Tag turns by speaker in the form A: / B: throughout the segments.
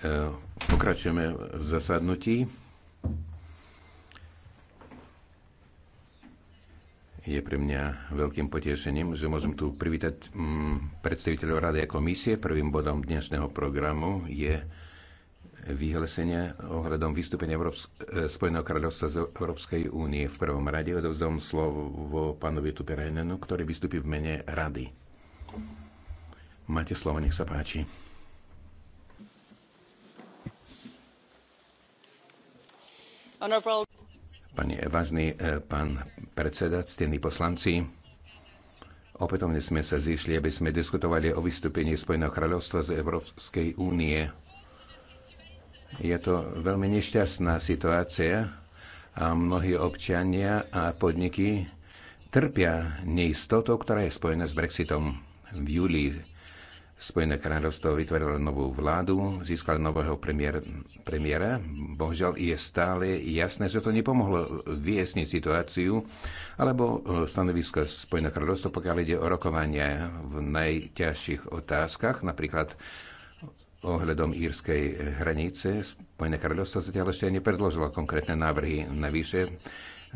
A: E, pokračujeme v zasadnutí. Je pre mňa veľkým potešením, že môžem tu privítať mm, predstaviteľov Rady a komisie. Prvým bodom dnešného programu je vyhlesenie ohľadom vystúpenia Európs- e, Spojeného kráľovstva z Európskej únie. V prvom rade odovzdám slovo pánovi Tuperajnenu, ktorý vystúpi v mene Rady. Máte slovo, nech sa páči. Pani vážny e, pán predseda, ctení poslanci, opätovne sme sa zišli, aby sme diskutovali o vystúpení Spojeného kráľovstva z Európskej únie. Je to veľmi nešťastná situácia a mnohí občania a podniky trpia neistotou, ktorá je spojená s Brexitom. V júli Spojené kráľovstvo vytvorilo novú vládu, získal nového premiér, premiéra. Bohužiaľ je stále jasné, že to nepomohlo vyjasniť situáciu alebo e, stanovisko Spojené kráľovstvo, pokiaľ ide o rokovania v najťažších otázkach, napríklad ohľadom írskej hranice. Spojené kráľovstvo zatiaľ ešte nepredložilo konkrétne návrhy. Navyše,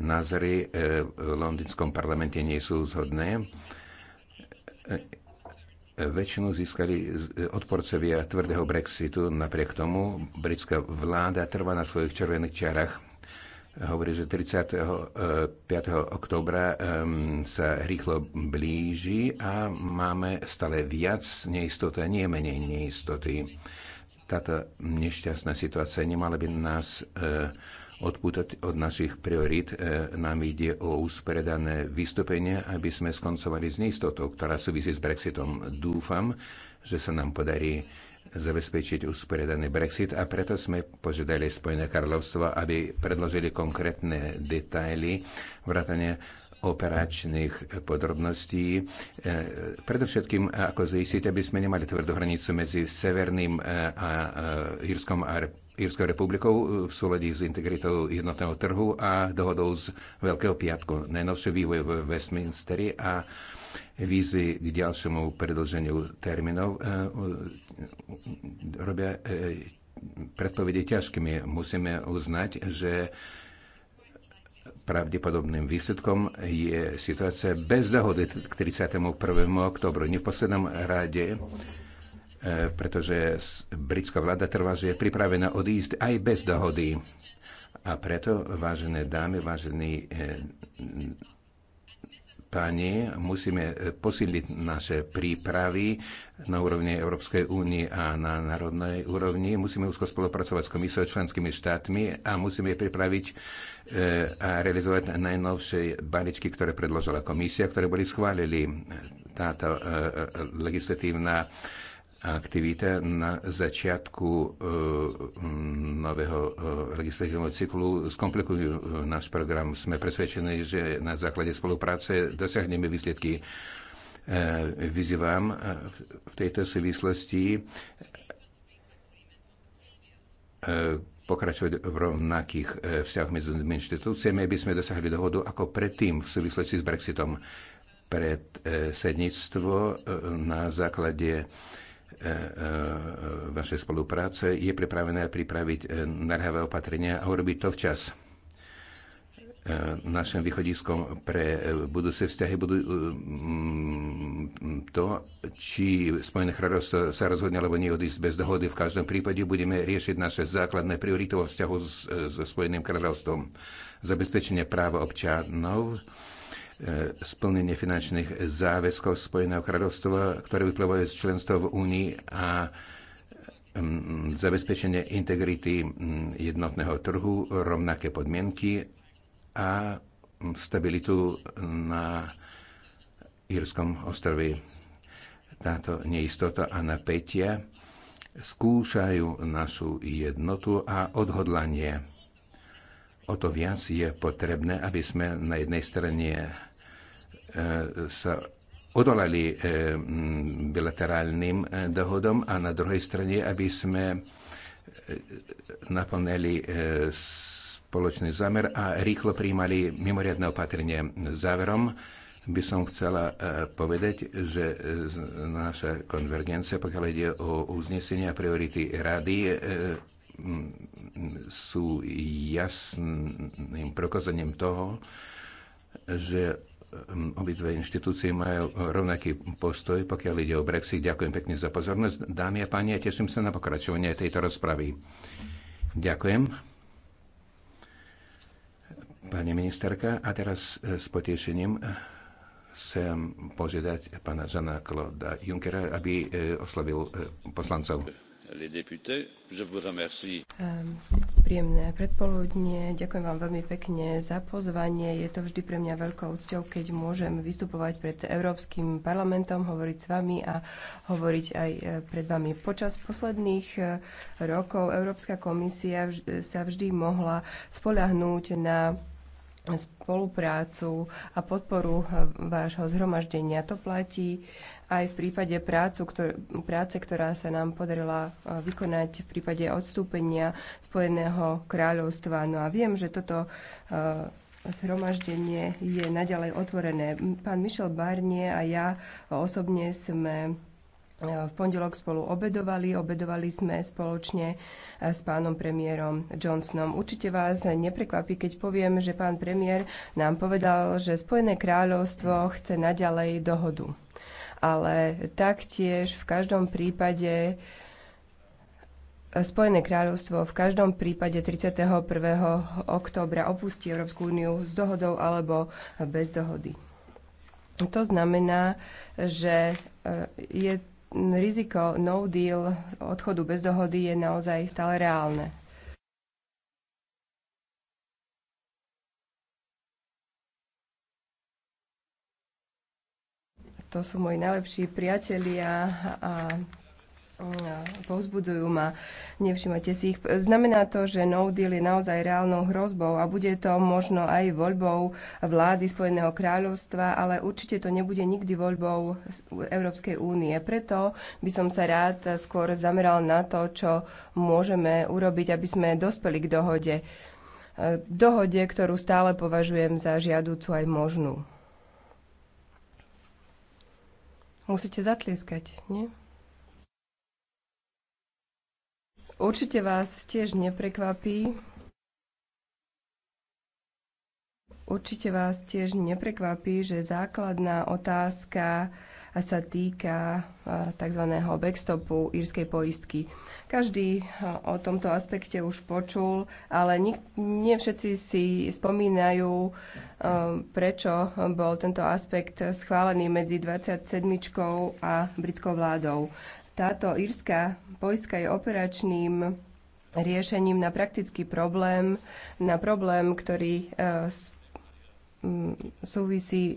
A: názory e, v londýnskom parlamente nie sú zhodné e, Väčšinu získali odporcovia tvrdého Brexitu, napriek tomu britská vláda trvá na svojich červených čiarach. Hovorí, že 35. E, oktobra e, sa rýchlo blíži a máme stále viac neistoty nie menej neistoty. Táto nešťastná situácia nemala by nás e, odpútať od našich priorít. E, nám ide o uspredané vystúpenie, aby sme skoncovali s neistotou, ktorá súvisí s Brexitom. Dúfam, že sa nám podarí zabezpečiť usporiadaný Brexit a preto sme požiadali Spojené kráľovstvo, aby predložili konkrétne detaily vrátane operačných podrobností. E, predovšetkým, ako zistiť, aby sme nemali tvrdú hranicu medzi Severným e, a Jirskom a Írskou republikou e, v súlade s integritou jednotného trhu a dohodou z Veľkého piatku. Najnovšie vývoj v Westminsteri a výzvy k ďalšiemu predlženiu termínov e, e, robia predpovede ťažkými. Musíme uznať, že pravdepodobným výsledkom je situácia bez dohody k 31. oktobru. Nie v poslednom rade E, pretože britská vláda trvá, že je pripravená odísť aj bez dohody. A preto, vážené dámy, vážení e, páni, musíme e, posíliť naše prípravy na úrovni Európskej únie a na národnej úrovni. Musíme úzko spolupracovať s komisou členskými štátmi a musíme pripraviť a realizovať najnovšie baličky, ktoré predložila komisia, ktoré boli schválili. Táto legislatívna aktivita na začiatku e, nového e, legislatívneho cyklu skomplikujú e, náš program. Sme presvedčení, že na základe spolupráce dosiahneme výsledky. E, Vyzývam e, v tejto súvislosti e, pokračovať v rovnakých e, vzťahoch medzi inštitúciami, aby sme dosiahli dohodu ako predtým v súvislosti s Brexitom. Predsedníctvo e, na základe E, e, vašej spolupráce je pripravené pripraviť e, narhavé opatrenia a urobiť to včas. Našim východiskom pre budúce vzťahy budú to, či Spojené kráľovstvo sa rozhodne alebo nie odísť bez dohody. V každom prípade budeme riešiť naše základné priority vo vzťahu so Spojeným kráľovstvom. Zabezpečenie práva občanov, E, splnenie finančných záväzkov Spojeného kráľovstva, ktoré vyplývajú z členstva v Únii a zabezpečenie integrity jednotného trhu, rovnaké podmienky a stabilitu na Írskom ostrove. Táto neistota a napätia skúšajú našu jednotu a odhodlanie. O to viac je potrebné, aby sme na jednej strane sa odolali e, bilaterálnym e, dohodom a na druhej strane, aby sme e, naplnili spoločný zámer a rýchlo prijímali mimoriadne opatrenie. Záverom by som chcela povedať, že naša konvergencia, pokiaľ ide o uznesenia a priority rady, sú jasným prokazaním toho, že obidve inštitúcie majú rovnaký postoj, pokiaľ ide o Brexit. Ďakujem pekne za pozornosť. Dámy a páni, a ja teším sa na pokračovanie tejto rozpravy. Ďakujem. Pani ministerka, a teraz e, s potešením e, chcem požiadať pána Žana Kloda Junkera, aby e, oslovil poslancov. Ehm,
B: príjemné predpoludnie. Ďakujem vám veľmi pekne za pozvanie. Je to vždy pre mňa veľkou úcťou, keď môžem vystupovať pred Európskym parlamentom, hovoriť s vami a hovoriť aj e, pred vami. Počas posledných e, rokov Európska komisia sa vždy mohla spoľahnúť na spoluprácu a podporu e, vášho zhromaždenia. To platí aj v prípade prácu, ktor- práce, ktorá sa nám podarila e, vykonať v prípade odstúpenia Spojeného kráľovstva. No a viem, že toto e, zhromaždenie je naďalej otvorené. Pán Michel Barnier a ja osobne sme e, v pondelok spolu obedovali. Obedovali sme spoločne s pánom premiérom Johnsonom. Určite vás neprekvapí, keď poviem, že pán premiér nám povedal, že Spojené kráľovstvo chce naďalej dohodu ale taktiež v každom prípade Spojené kráľovstvo v každom prípade 31. októbra opustí Európsku úniu s dohodou alebo bez dohody. To znamená, že e, je riziko no deal odchodu bez dohody je naozaj stále reálne. to sú moji najlepší priatelia a povzbudzujú ma, nevšimajte si ich. Znamená to, že no deal je naozaj reálnou hrozbou a bude to možno aj voľbou vlády Spojeného kráľovstva, ale určite to nebude nikdy voľbou Európskej únie. Preto by som sa rád skôr zameral na to, čo môžeme urobiť, aby sme dospeli k dohode. Dohode, ktorú stále považujem za žiadúcu aj možnú. Musíte zatlieskať, nie? Určite vás tiež neprekvapí. Určite vás tiež neprekvapí, že základná otázka a sa týka tzv. backstopu írskej poistky. Každý o tomto aspekte už počul, ale nik- nie všetci si spomínajú, prečo bol tento aspekt schválený medzi 27. a britskou vládou. Táto írska poistka je operačným riešením na praktický problém, na problém, ktorý e, súvisí e,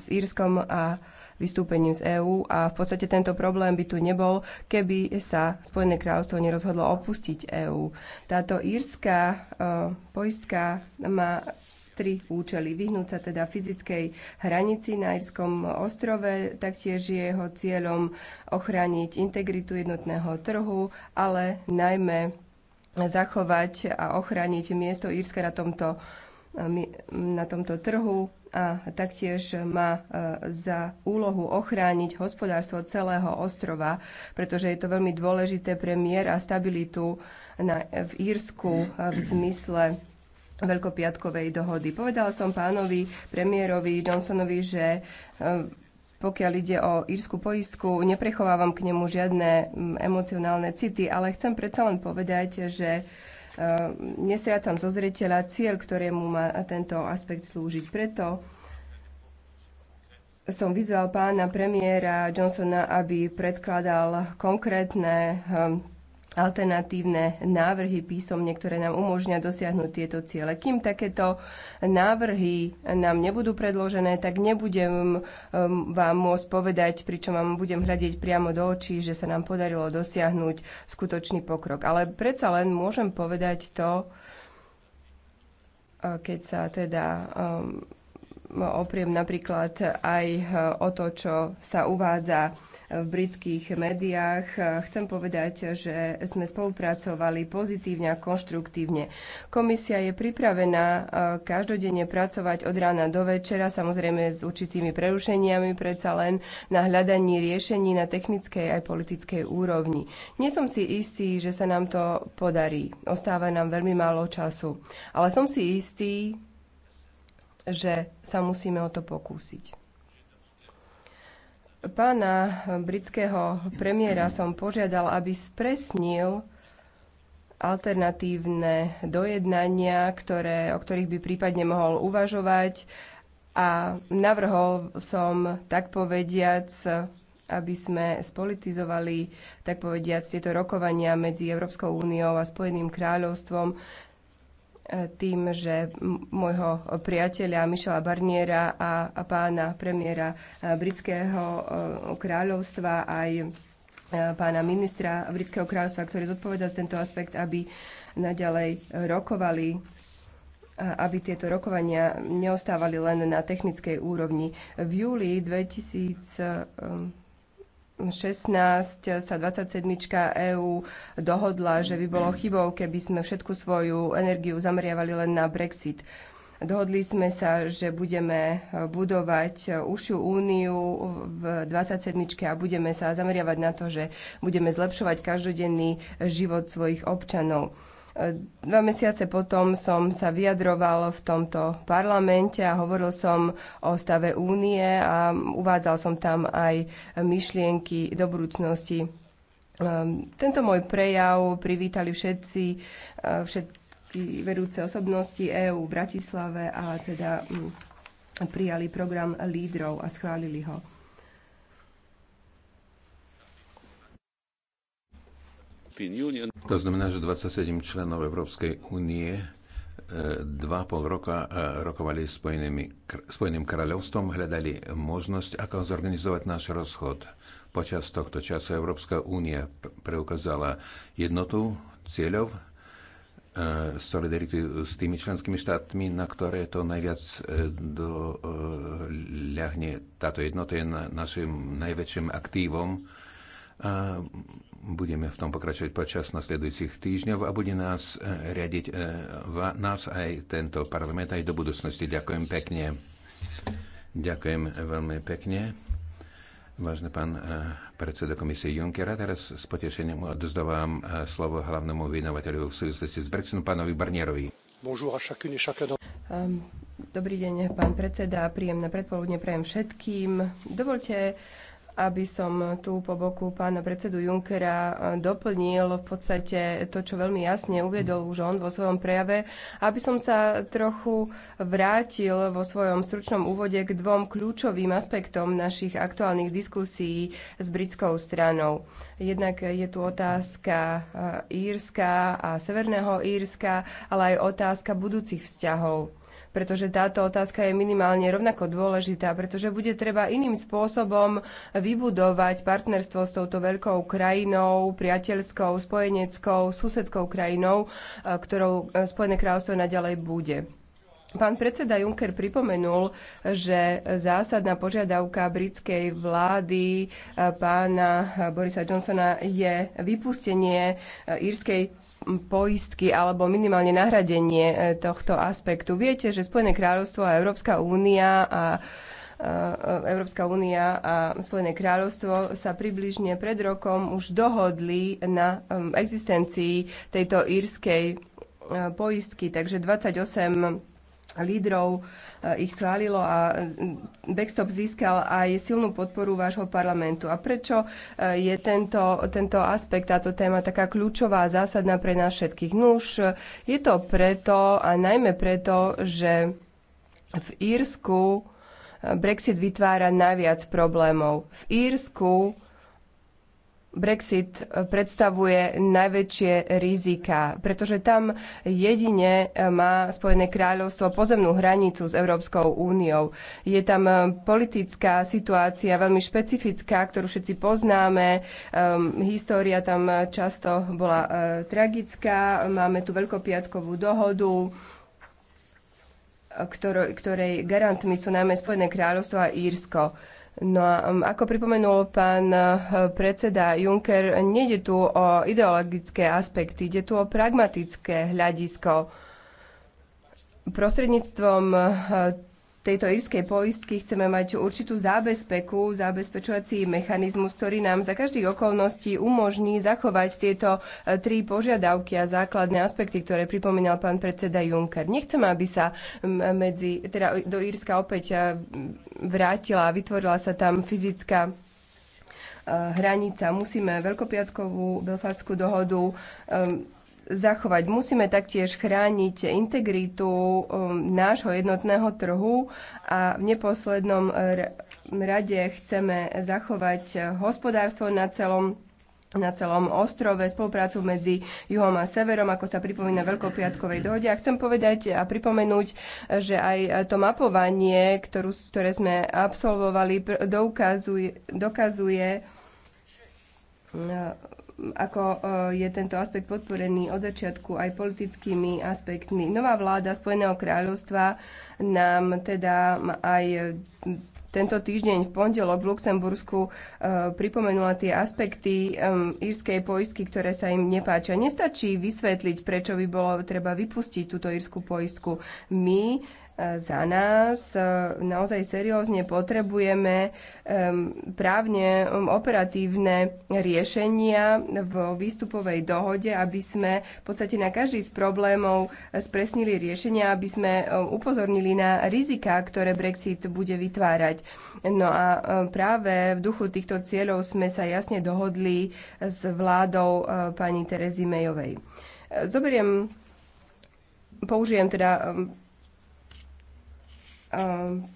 B: s Írskom a vystúpením z EÚ a v podstate tento problém by tu nebol, keby sa Spojené kráľovstvo nerozhodlo opustiť EÚ. Táto írska e, poistka má tri účely. Vyhnúť sa teda fyzickej hranici na Írskom ostrove, taktiež je jeho cieľom ochrániť integritu jednotného trhu, ale najmä zachovať a ochrániť miesto Írska na tomto na tomto trhu a taktiež má e, za úlohu ochrániť hospodárstvo celého ostrova, pretože je to veľmi dôležité pre mier a stabilitu na, v Írsku v zmysle veľkopiatkovej dohody. Povedala som pánovi premiérovi Johnsonovi, že e, pokiaľ ide o írsku poistku, neprechovávam k nemu žiadne emocionálne city, ale chcem predsa len povedať, že Ehm, nestrácam zo zreteľa cieľ, ktorému má tento aspekt slúžiť. Preto som vyzval pána premiéra Johnsona, aby predkladal konkrétne ehm, alternatívne návrhy písomne, ktoré nám umožňa dosiahnuť tieto ciele. Kým takéto návrhy nám nebudú predložené, tak nebudem um, vám môcť povedať, pričom vám budem hľadiť priamo do očí, že sa nám podarilo dosiahnuť skutočný pokrok. Ale predsa len môžem povedať to, uh, keď sa teda um, opriem napríklad aj uh, o to, čo sa uvádza v britských médiách. Chcem povedať, že sme spolupracovali pozitívne a konštruktívne. Komisia je pripravená e, každodenne pracovať od rána do večera, samozrejme s určitými prerušeniami, predsa len na hľadaní riešení na technickej aj politickej úrovni. Nie som si istý, že sa nám to podarí. Ostáva nám veľmi málo času. Ale som si istý, že sa musíme o to pokúsiť pána britského premiéra som požiadal, aby spresnil alternatívne dojednania, ktoré, o ktorých by prípadne mohol uvažovať a navrhol som tak povediac aby sme spolitizovali, tak povediac, tieto rokovania medzi Európskou úniou a Spojeným kráľovstvom tým, že môjho priateľa Mišela Barniera a, a pána premiéra e, britského e, kráľovstva aj e, pána ministra britského kráľovstva, ktorý zodpoveda za tento aspekt, aby naďalej rokovali aby tieto rokovania neostávali len na technickej úrovni. V júli 2000 16 sa 27 EÚ dohodla, že by bolo chybou, keby sme všetku svoju energiu zameriavali len na Brexit. Dohodli sme sa, že budeme budovať ušiu úniu v 27 a budeme sa zameriavať na to, že budeme zlepšovať každodenný život svojich občanov. Dva mesiace potom som sa vyjadroval v tomto parlamente a hovoril som o stave únie a uvádzal som tam aj myšlienky do budúcnosti. Ehm, tento môj prejav privítali všetci, e, všetky vedúce osobnosti EÚ v Bratislave a teda mm, prijali program lídrov a schválili ho.
A: To znamená, že 27 členov Európskej únie e, dva pol roka e, rokovali s Spojeným kráľovstvom, hľadali možnosť, ako zorganizovať náš rozchod. Počas tohto času Európska únia preukázala jednotu cieľov, e, solidaritu s tými členskými štátmi, na ktoré to najviac doľahne. Táto jednota je našim najväčším aktívom a budeme v tom pokračovať počas nasledujúcich týždňov a bude nás e, riadiť e, nás aj tento parlament aj do budúcnosti. Ďakujem pekne. Ďakujem veľmi pekne. Vážny pán e, predseda komisie Junckera, teraz s potešením odzdávam slovo hlavnému vynovateľu v súvislosti s Brexitom, pánovi Barnierovi. Ehm,
B: dobrý deň, pán predseda, príjemné predpoludne prajem všetkým. Dovolte aby som tu po boku pána predsedu Junkera e, doplnil v podstate to, čo veľmi jasne uviedol už on vo svojom prejave, aby som sa trochu vrátil vo svojom stručnom úvode k dvom kľúčovým aspektom našich aktuálnych diskusí s britskou stranou. Jednak je tu otázka e, Írska a Severného Írska, ale aj otázka budúcich vzťahov pretože táto otázka je minimálne rovnako dôležitá, pretože bude treba iným spôsobom vybudovať partnerstvo s touto veľkou krajinou, priateľskou, spojeneckou, susedskou krajinou, e, ktorou e, Spojené kráľovstvo naďalej bude. Pán predseda Juncker pripomenul, že zásadná požiadavka britskej vlády e, pána Borisa Johnsona je vypustenie írskej poistky alebo minimálne nahradenie e, tohto aspektu. Viete, že Spojené kráľovstvo a Európska únia a e, e, Európska únia a Spojené kráľovstvo sa približne pred rokom už dohodli na existencii tejto írskej poistky, takže 28 lídrov e, ich schválilo a backstop získal aj silnú podporu vášho parlamentu. A prečo e, je tento, tento aspekt, táto téma taká kľúčová a zásadná pre nás všetkých? Nuž, no e, je to preto a najmä preto, že v Írsku Brexit vytvára najviac problémov. V Írsku Brexit eh, predstavuje najväčšie rizika, pretože tam jedine eh, má Spojené kráľovstvo pozemnú hranicu s Európskou úniou. Je tam eh, politická situácia veľmi špecifická, ktorú všetci poznáme. Ehm, história tam často bola tragická. Máme tu veľkopiatkovú dohodu ktorej garantmi sú najmä Spojené kráľovstvo a Írsko. No a um, ako pripomenul pán uh, predseda Juncker, nejde tu o ideologické aspekty, ide tu o pragmatické hľadisko. Prostredníctvom uh, tejto írskej poistky chceme mať určitú zábezpeku, zabezpečovací mechanizmus, ktorý nám za každých okolností umožní zachovať tieto e, tri požiadavky a základné aspekty, ktoré pripomínal pán predseda Juncker. Nechceme, aby sa medzi, teda do Írska opäť e, vrátila a vytvorila sa tam fyzická e, hranica. Musíme veľkopiatkovú Belfátskú dohodu zachovať. Musíme taktiež chrániť integritu um, nášho jednotného trhu a v neposlednom rade chceme zachovať hospodárstvo na celom na celom ostrove, spoluprácu medzi juhom a severom, ako sa pripomína Veľkopiatkovej dohode. A chcem povedať a pripomenúť, že aj to mapovanie, ktorú, ktoré sme absolvovali, dokazuje, dokazuje ako e, je tento aspekt podporený od začiatku aj politickými aspektmi. Nová vláda Spojeného kráľovstva nám teda aj tento týždeň v pondelok v Luxembursku e, pripomenula tie aspekty e, írskej poistky, ktoré sa im nepáčia. Nestačí vysvetliť, prečo by bolo treba vypustiť túto írskú poistku. My za nás. E, naozaj seriózne potrebujeme e, právne operatívne riešenia v výstupovej dohode, aby sme v podstate na každý z problémov e, spresnili riešenia, aby sme upozornili na rizika, ktoré Brexit bude vytvárať. No a práve v duchu týchto cieľov sme sa jasne dohodli s vládou pani Terezy Mejovej. Zoberiem, použijem teda Ehm,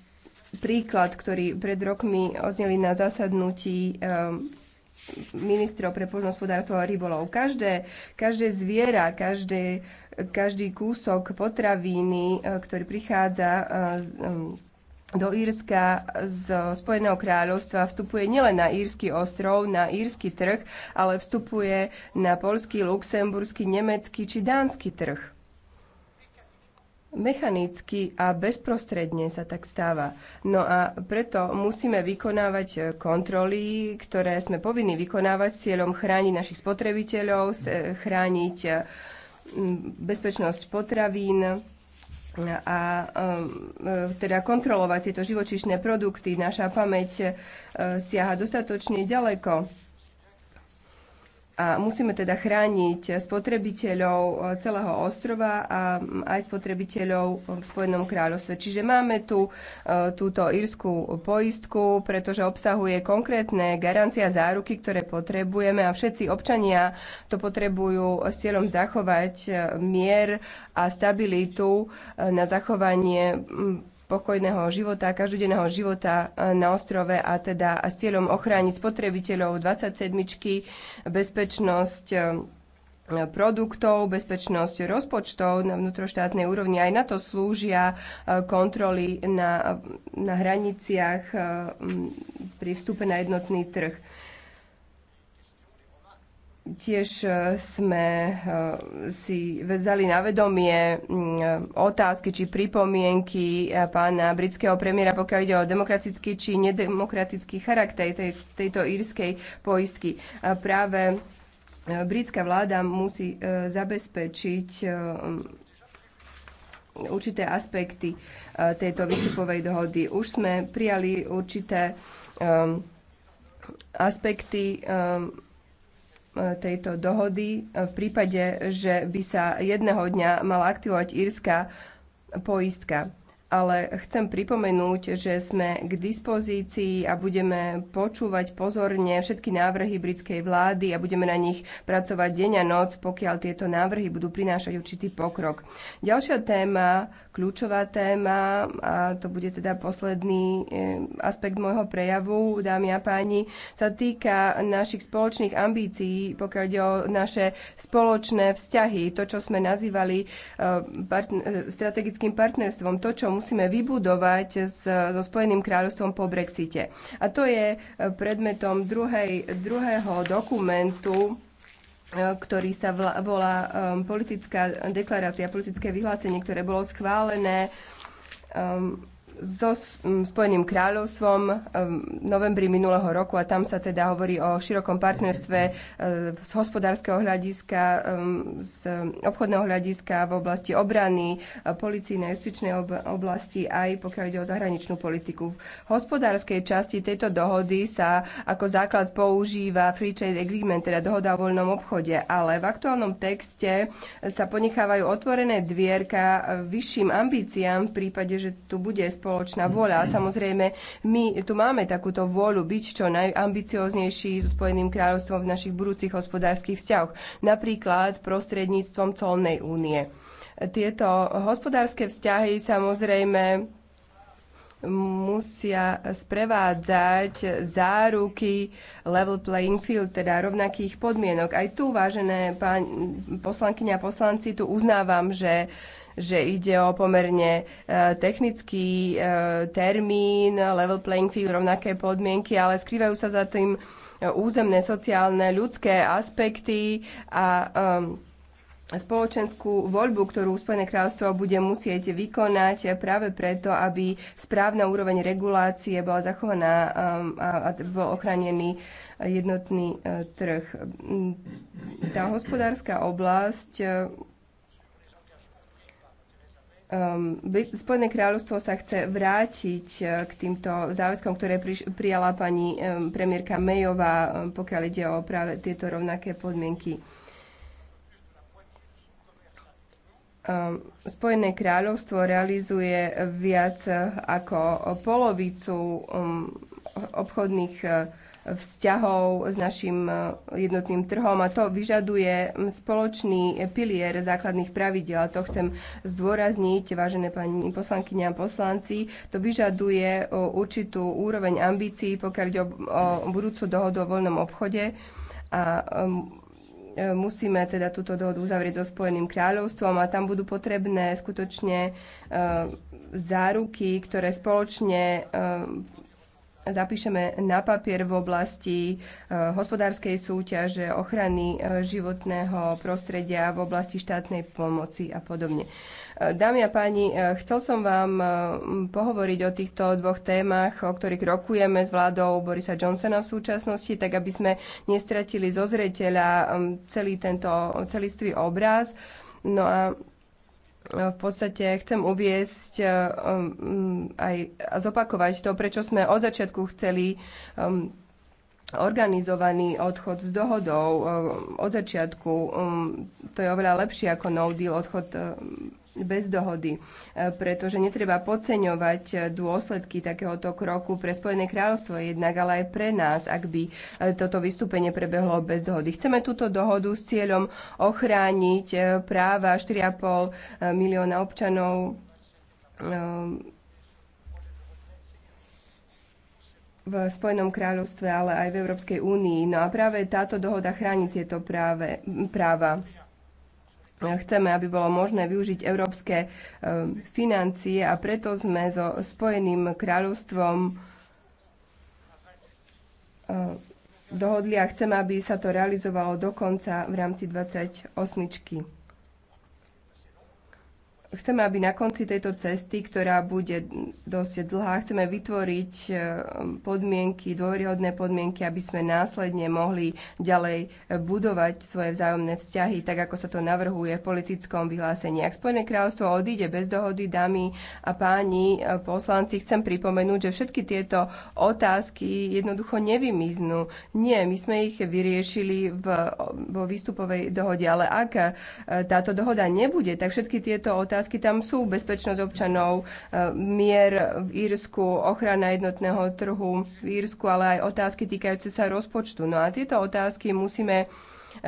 B: príklad, ktorý pred rokmi odzneli na zasadnutí ehm, ministrov pre poľnohospodárstvo a rybolov. Každé, každé zviera, každé, každý kúsok potraviny, e, ktorý prichádza e, z, e, do Írska z Spojeného kráľovstva vstupuje nielen na írsky ostrov, na írsky trh, ale vstupuje na polský, luxemburský, nemecký či dánsky trh mechanicky a bezprostredne sa tak stáva. No a preto musíme vykonávať e, kontroly, ktoré sme povinni vykonávať s cieľom chrániť našich spotrebiteľov, e, chrániť e, bezpečnosť potravín a teda kontrolovať tieto živočíšne produkty. Naša pamäť siaha dostatočne ďaleko a musíme teda chrániť spotrebiteľov e, celého ostrova a mm, aj spotrebiteľov v Spojenom kráľovstve. Čiže máme tu e, túto írskú poistku, pretože obsahuje konkrétne garancie a záruky, ktoré potrebujeme a všetci občania to potrebujú s cieľom zachovať e, mier a stabilitu na zachovanie mm, pokojného života, každodenného života e, na ostrove a teda a s cieľom ochrániť spotrebiteľov 27. bezpečnosť e, produktov, bezpečnosť rozpočtov na vnútroštátnej úrovni. Aj na to slúžia e, kontroly na, na hraniciach pri vstupe na jednotný trh. Tiež e, sme e, si vezali na vedomie otázky či pripomienky e, pána britského premiéra, pokiaľ ide o demokratický či nedemokratický charakter tej, tejto írskej poistky. A práve britská vláda musí zabezpečiť určité aspekty tejto výstupovej dohody. Už sme prijali určité aspekty tejto dohody v prípade, že by sa jedného dňa mala aktivovať írska poistka ale chcem pripomenúť, že sme k dispozícii a budeme počúvať pozorne všetky návrhy britskej vlády a budeme na nich pracovať deň a noc, pokiaľ tieto návrhy budú prinášať určitý pokrok. Ďalšia téma, kľúčová téma, a to bude teda posledný eh, aspekt môjho prejavu, dámy a páni, sa týka našich spoločných ambícií, pokiaľ ide o naše spoločné vzťahy, to, čo sme nazývali eh, eh, strategickým partnerstvom, to, čo musíme vybudovať s, so Spojeným kráľovstvom po Brexite. A to je eh, predmetom druhej, druhého dokumentu, eh, ktorý sa vla, volá ehm, politická deklarácia, politické vyhlásenie, ktoré bolo schválené um, so Spojeným kráľovstvom v novembri minulého roku a tam sa teda hovorí o širokom partnerstve e, z hospodárskeho hľadiska, z obchodného hľadiska v oblasti obrany, e, na justičnej oblasti aj pokiaľ ide o zahraničnú politiku. V hospodárskej časti tejto dohody sa ako základ používa Free Trade Agreement, teda dohoda o voľnom obchode, ale v aktuálnom texte sa ponechávajú otvorené dvierka e, vyšším ambíciám v prípade, že tu bude spoločnosť spoločná vôľa. A samozrejme, my tu máme takúto vôľu byť čo najambicioznejší so Spojeným kráľovstvom v našich budúcich hospodárskych vzťahoch, napríklad prostredníctvom colnej únie. Tieto hospodárske vzťahy samozrejme musia sprevádzať záruky level playing field, teda rovnakých podmienok. Aj tu, vážené pán, poslankyňa a poslanci, tu uznávam, že že ide o pomerne e, technický e, termín, level playing field, rovnaké podmienky, ale skrývajú sa za tým e, územné, sociálne, ľudské aspekty a um, spoločenskú voľbu, ktorú Spojené kráľovstvo bude musieť vykonať práve preto, aby správna úroveň regulácie bola zachovaná um, a bol ochránený jednotný trh. Tá hospodárska oblasť Um, Spojené kráľovstvo sa chce vrátiť uh, k týmto záväzkom, ktoré prijala pani um, premiérka Mayová, um, pokiaľ ide o práve tieto rovnaké podmienky. Spojené kráľovstvo realizuje viac ako polovicu obchodných uh, vzťahov s našim e, jednotným trhom a to vyžaduje spoločný pilier základných pravidel. A to chcem zdôrazniť, vážené pani poslankyňa a poslanci, to vyžaduje e, určitú úroveň ambícií, pokiaľ ide o budúcu dohodu o voľnom obchode a e, musíme teda túto dohodu uzavrieť so Spojeným kráľovstvom a tam budú potrebné skutočne záruky, ktoré spoločne zapíšeme na papier v oblasti eh, hospodárskej súťaže, ochrany eh, životného prostredia, v oblasti štátnej pomoci a podobne. Eh, dámy a páni, chcel som vám pohovoriť o týchto dvoch témach, o ktorých rokujeme s vládou Borisa Johnsona v súčasnosti, tak aby sme nestratili zo zreteľa celý tento celistvý obraz. No a E, v podstate chcem uviesť e, um, aj a zopakovať to, prečo sme od začiatku chceli um, organizovaný odchod s dohodou e, od začiatku. Um, to je oveľa lepšie ako no deal odchod bez dohody, e, pretože netreba podceňovať e, dôsledky takéhoto kroku pre Spojené kráľovstvo jednak, ale aj pre nás, ak by e, toto vystúpenie prebehlo bez dohody. Chceme túto dohodu s cieľom ochrániť práva 4,5 milióna občanov v Spojenom kráľovstve, ale aj v Európskej únii. No a práve táto dohoda chráni tieto práve, práva chceme, aby bolo možné využiť európske e, financie a preto sme so Spojeným kráľovstvom e, dohodli a chceme, aby sa to realizovalo dokonca v rámci 28. Chceme, aby na konci tejto cesty, ktorá bude dosť dlhá, chceme vytvoriť e, podmienky, dôveryhodné podmienky, aby sme následne mohli ďalej e, budovať svoje vzájomné vzťahy, tak ako sa to navrhuje v politickom vyhlásení. Ak Spojené kráľovstvo odíde bez dohody, dámy a páni e, poslanci, chcem pripomenúť, že všetky tieto otázky jednoducho nevymiznú. Nie, my sme ich vyriešili v, vo výstupovej dohode, ale ak táto dohoda nebude, tak všetky tieto otázky otázky tam sú. Bezpečnosť občanov, e, mier v Írsku, ochrana jednotného trhu v Írsku, ale aj otázky týkajúce sa rozpočtu. No a tieto otázky musíme e,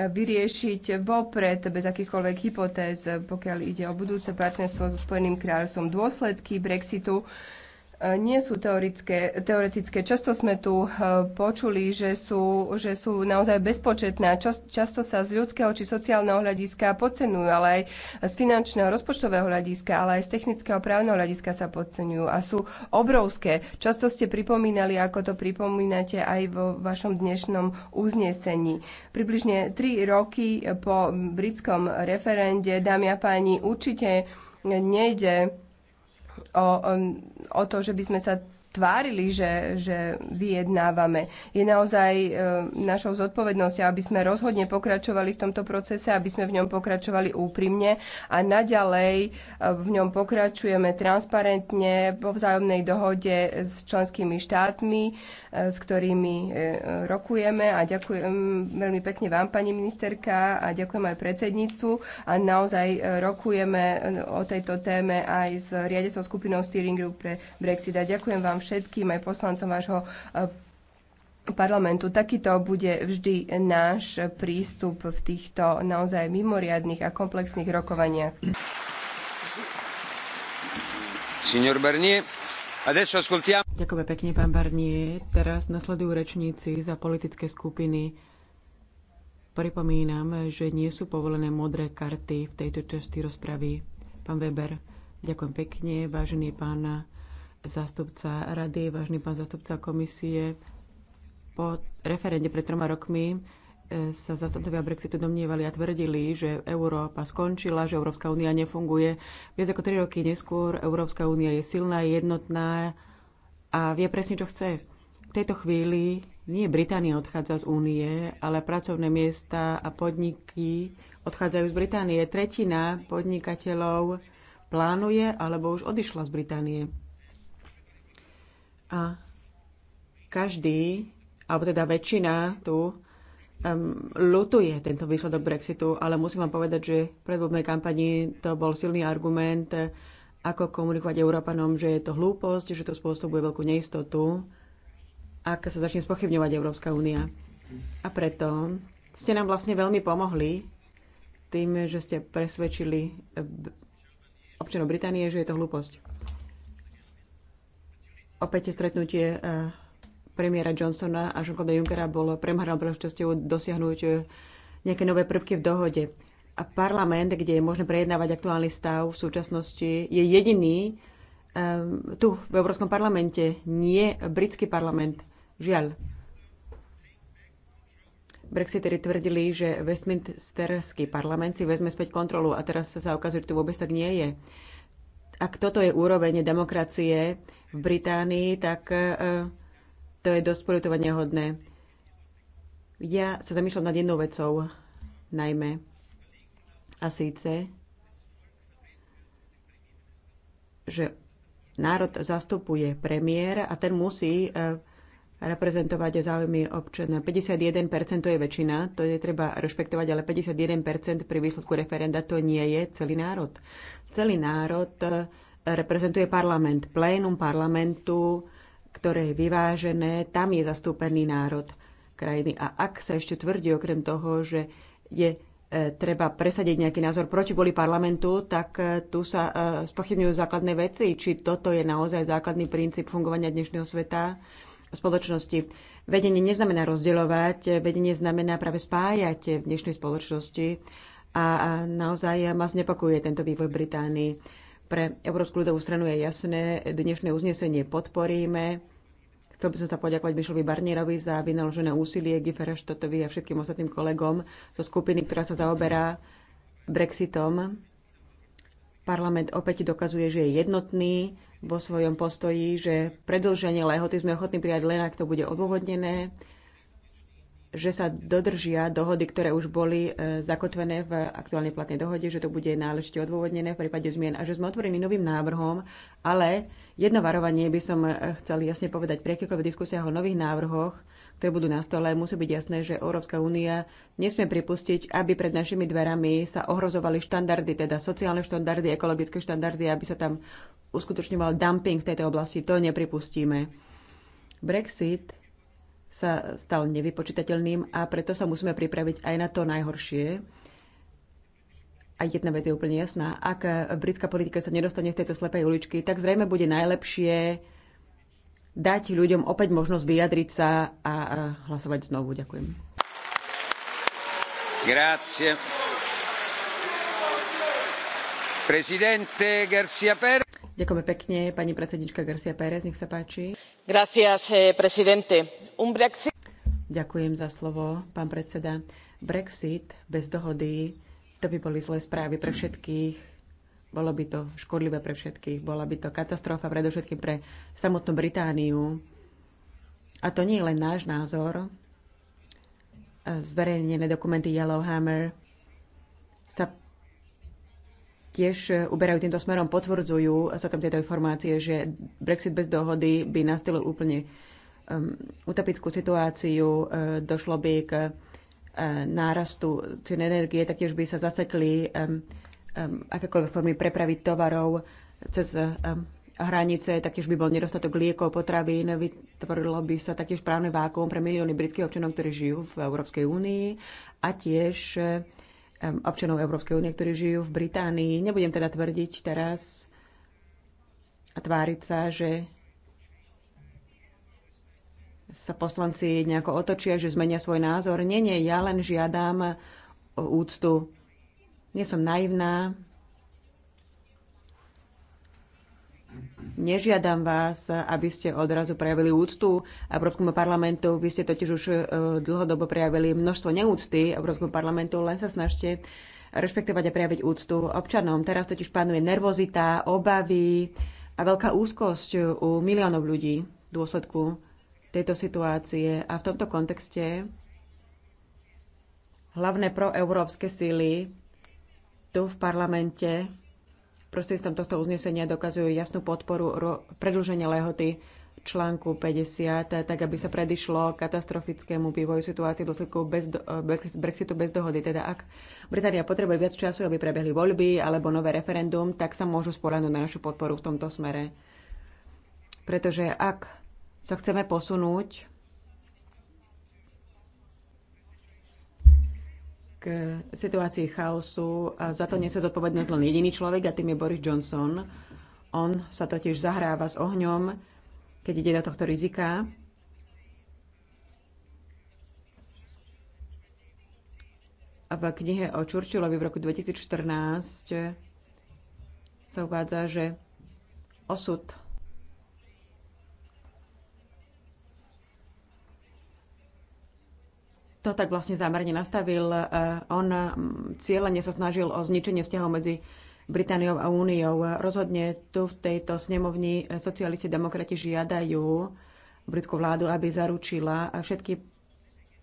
B: vyriešiť vopred bez akýchkoľvek hypotéz, pokiaľ ide o budúce partnerstvo so Spojeným kráľovstvom. Dôsledky Brexitu E, nie sú teorické, teoretické. Často sme tu e, počuli, že sú, že sú naozaj bezpočetné a často sa z ľudského či sociálneho hľadiska podcenujú, ale aj z finančného, rozpočtového hľadiska, ale aj z technického právneho hľadiska sa podcenujú a sú obrovské. Často ste pripomínali, ako to pripomínate aj vo vašom dnešnom uznesení. Približne tri roky po britskom referende, dámy a páni, určite nejde o, o to, že by sme sa tvárili, že, že vyjednávame. Je naozaj e, našou zodpovednosťou, aby sme rozhodne pokračovali v tomto procese, aby sme v ňom pokračovali úprimne a naďalej e, v ňom pokračujeme transparentne po vzájomnej dohode s členskými štátmi, e, s ktorými rokujeme a ďakujem veľmi pekne vám, pani ministerka, a ďakujem aj predsedníctvu a naozaj rokujeme o tejto téme aj s riadecou skupinou Steering Group pre Brexit a ďakujem vám všetkým, aj poslancom vášho eh, parlamentu. Takýto bude vždy náš prístup v týchto naozaj mimoriadných a
C: komplexných rokovaniach.
A: Signor Bernier, adesso ascoltiamo...
C: Ďakujem pekne, pán Barnier. Teraz nasledujú rečníci za politické skupiny. Pripomínam, že nie sú povolené modré karty v tejto časti rozpravy. Pán Weber, ďakujem pekne. Vážený pán zástupca rady, vážny pán zástupca komisie. Po referende pred troma rokmi e, sa zastancovia Brexitu domnievali a tvrdili, že Európa skončila, že Európska únia nefunguje. Viac ako tri roky neskôr Európska únia je silná, jednotná a vie presne, čo chce. V tejto chvíli nie Británia odchádza z únie, ale pracovné miesta a podniky odchádzajú z Británie. Tretina podnikateľov plánuje alebo už odišla z Británie. A každý, alebo teda väčšina tu um, lutuje tento výsledok Brexitu, ale musím vám povedať, že v predvodnej kampani to bol silný argument, eh, ako komunikovať Európanom, že je to hlúposť, že to spôsobuje veľkú neistotu, ak sa začne spochybňovať Európska únia. A preto ste nám vlastne veľmi pomohli tým, že ste presvedčili eh, občanov Británie, že je to hlúposť. Opäť stretnutie e, premiéra Johnsona a Jean-Claude Junckera bolo premhrnou príležitosťou dosiahnuť e, nejaké nové prvky v dohode. A parlament, kde je možné prejednávať aktuálny stav v súčasnosti, je jediný um, tu v Európskom parlamente, nie britský parlament. Žiaľ. Brexitery tvrdili, že Westminsterský parlament si vezme späť kontrolu a teraz sa ukazuje, že tu vôbec tak nie je. Uh, ak toto je úroveň demokracie v Británii, tak e, to je dosť politovania hodné. Ja sa zamýšľam nad jednou vecou, najmä. A síce, že národ zastupuje premiér a ten musí e, reprezentovať záujmy občana. 51% to je väčšina, to je treba rešpektovať, ale 51% pri výsledku referenda to nie je celý národ. Celý národ e, reprezentuje parlament, plénum parlamentu, ktoré je vyvážené, tam je zastúpený národ krajiny. A ak sa ešte tvrdí okrem toho, že je e, treba presadiť nejaký názor proti voli parlamentu, tak e, tu sa spochybňujú základné veci, či toto je naozaj základný princíp fungovania dnešného sveta spoločnosti. Vedenie neznamená rozdeľovať, vedenie znamená práve spájať v dnešnej spoločnosti a naozaj ma znepokuje tento vývoj Británii. Pre Európsku ľudovú stranu je jasné, dnešné uznesenie podporíme. Chcel by som sa poďakovať Myšlovi Barnierovi za vynaložené úsilie, Gifera Štotovi a všetkým ostatným kolegom zo skupiny, ktorá sa zaoberá Brexitom. Parlament opäť dokazuje, že je jednotný vo svojom postoji, že predlženie lehoty sme ochotní prijať len, ak to bude odôvodnené že sa dodržia dohody, ktoré už boli e, zakotvené v aktuálnej platnej dohode, že to bude náležite odôvodnené v prípade zmien a že sme otvorení novým návrhom, ale jedno varovanie by som e, chcel jasne povedať pri akýchkoľvek diskusiách o nových návrhoch, ktoré budú na stole, musí byť jasné, že Európska únia nesmie pripustiť, aby pred našimi dverami sa ohrozovali štandardy, teda sociálne štandardy, ekologické štandardy, aby sa tam uskutočňoval dumping v tejto oblasti. To nepripustíme. Brexit sa stal nevypočítateľným a preto sa musíme pripraviť aj na to najhoršie. A jedna vec je úplne jasná. Ak britská politika sa nedostane z tejto slepej uličky, tak zrejme bude najlepšie dať ľuďom opäť možnosť vyjadriť sa a hlasovať znovu. Ďakujem.
A: Grazie. Presidente Garcia Pérez.
C: Ďakujeme pekne. Pani predsednička Garcia Pérez, nech sa páči. Gracias, eh, presidente. Un Brexit... Ďakujem za slovo, pán predseda. Brexit bez dohody, to by boli zlé správy pre všetkých. Bolo by to škodlivé pre všetkých. Bola by to katastrofa predovšetkým pre samotnú Britániu. A to nie je len náš názor. Zverejnené dokumenty Yellowhammer sa tiež e, uberajú týmto smerom, potvrdzujú sa tam tieto informácie, že Brexit bez dohody by nastolil úplne um, utopickú situáciu, uh, došlo by k uh, nárastu cien energie, taktiež by sa zasekli um, um, akékoľvek formy prepravy tovarov cez um, hranice, taktiež by bol nedostatok liekov, potravín, vytvorilo by sa taktiež právne vákuum pre milióny britských občanov, ktorí žijú v Európskej únii a tiež uh, občanov Európskej únie, ktorí žijú v Británii. Nebudem teda tvrdiť teraz a tváriť sa, že sa poslanci nejako otočia, že zmenia svoj názor. Nie, nie, ja len žiadam úctu. Nie som naivná, Nežiadam vás, aby ste odrazu prejavili úctu Európskemu parlamentu. Vy ste totiž už e, dlhodobo prejavili množstvo neúcty Európskemu parlamentu. Len sa snažte rešpektovať a prejaviť úctu občanom. Teraz totiž panuje nervozita, obavy a veľká úzkosť u miliónov ľudí v dôsledku tejto situácie. A v tomto kontexte hlavné proeurópske síly tu v parlamente prostredstvom tohto uznesenia dokazujú jasnú podporu predlženia lehoty článku 50, tak aby sa predišlo katastrofickému vývoju situácie v dôsledku bez, eh, bez Brexitu bez dohody. Teda ak Británia potrebuje viac času, aby prebehli voľby alebo nové referendum, tak sa môžu spolahnúť na našu podporu v tomto smere. Pretože ak sa chceme posunúť k situácii chaosu a za to nesie zodpovednosť len jediný človek a tým je Boris Johnson. On sa totiž zahráva s ohňom, keď ide do tohto rizika. A v knihe o Churchillovi v roku 2014 sa uvádza, že osud to tak vlastne zámerne nastavil. E, on cieľene sa snažil o zničenie vzťahov medzi Britániou a Úniou. Rozhodne tu v tejto snemovni e, socialisti demokrati žiadajú britskú vládu, aby zaručila všetky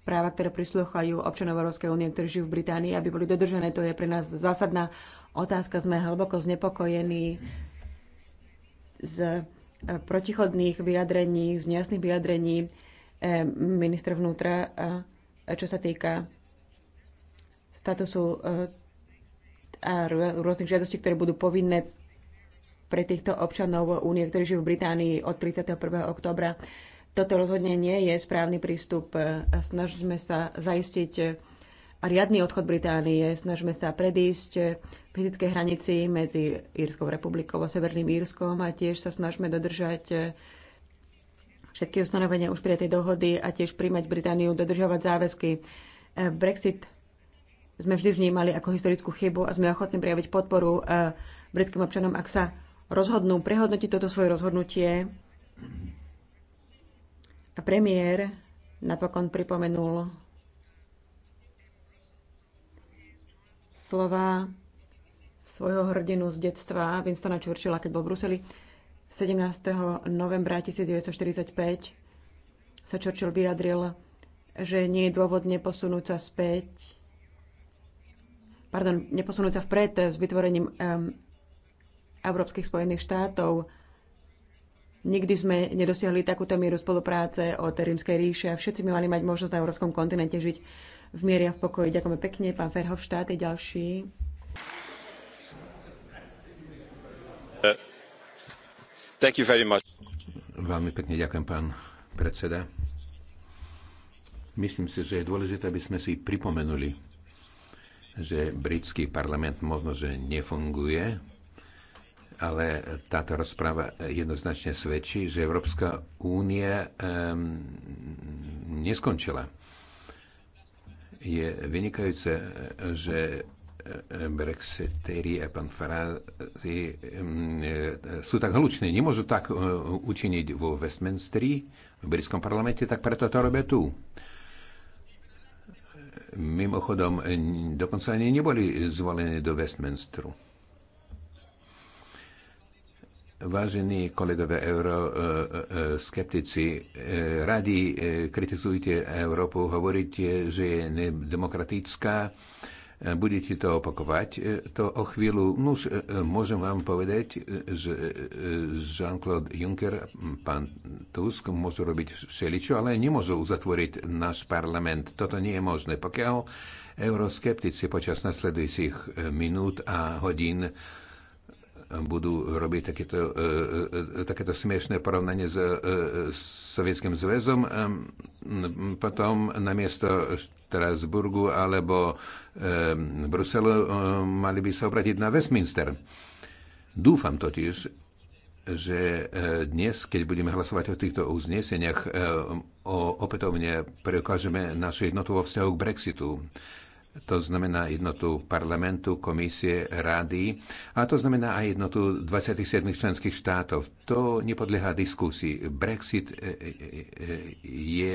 C: práva, ktoré prislúchajú občanov Európskej únie, ktorí žijú v Británii, aby boli dodržené. To je pre nás zásadná otázka. Sme hlboko znepokojení z e, protichodných vyjadrení, z nejasných vyjadrení minister vnútra čo sa týka statusu eh, a rôznych žiadostí, ktoré budú povinné pre týchto občanov únie, ktorí žijú v Británii od 31. oktobra. Toto rozhodne nie je správny prístup. Snažíme sa zaistiť riadny odchod Británie, snažíme sa predísť fyzické hranici medzi Írskou republikou a Severným Írskom a tiež sa snažíme dodržať všetky ustanovenia už tej dohody a tiež príjmať Britániu, dodržovať záväzky. E, Brexit sme vždy vnímali ako historickú chybu a sme ochotní prijaviť podporu e, britským občanom, ak sa rozhodnú prehodnotiť toto svoje rozhodnutie. A premiér napokon pripomenul slova svojho hrdinu z detstva Winstona Churchilla, keď bol v Bruseli. 17. novembra 1945 sa Churchill vyjadril, že nie je dôvod neposunúť sa späť, pardon, neposunúť sa vpred s vytvorením um, Európskych spojených štátov. Nikdy sme nedosiahli takúto mieru spolupráce od Rímskej ríše a všetci by mali mať možnosť na európskom kontinente žiť v mieri a v pokoji. Ďakujeme pekne. Pán Ferhofštát je ďalší.
A: Thank you very much. Veľmi pekne ďakujem, pán predseda. Myslím si, že je dôležité, aby sme si pripomenuli, že britský parlament možno, že nefunguje, ale táto rozpráva jednoznačne svedčí, že Európska únia um, ehm, neskončila. Je vynikajúce, že Brexitery a pán Farazi e, sú tak hluční, nemôžu tak e, učiniť vo Westminsteri, v britskom parlamente, tak preto to robia tu. Mimochodom, e, dokonca ani neboli zvolení do Westminsteru. Vážení kolegové euroskeptici, radi kritizujte Európu, hovoríte, že je nedemokratická, E, budete to opakovať, e, to o chvíľu, nuž, e, môžem vám povedať, že Jean-Claude Juncker, pán Tusk môžu robiť všeličo, ale nemôžu uzatvoriť náš parlament. Toto nie je možné. Pokiaľ euroskeptici počas nasledujúcich minút a hodín budú robiť takéto, e, e, e, takéto smiešné porovnanie s Sovietským zväzom, potom namiesto Štrasburgu alebo Bruselu mali by sa obratiť na Westminster. Dúfam totiž, že dnes, keď budeme hlasovať o týchto uzneseniach, opätovne preukážeme našu jednotu vo vzťahu k Brexitu to znamená jednotu parlamentu, komisie, rady a to znamená aj jednotu 27 členských štátov. To nepodlieha diskusii. Brexit e, e, e, je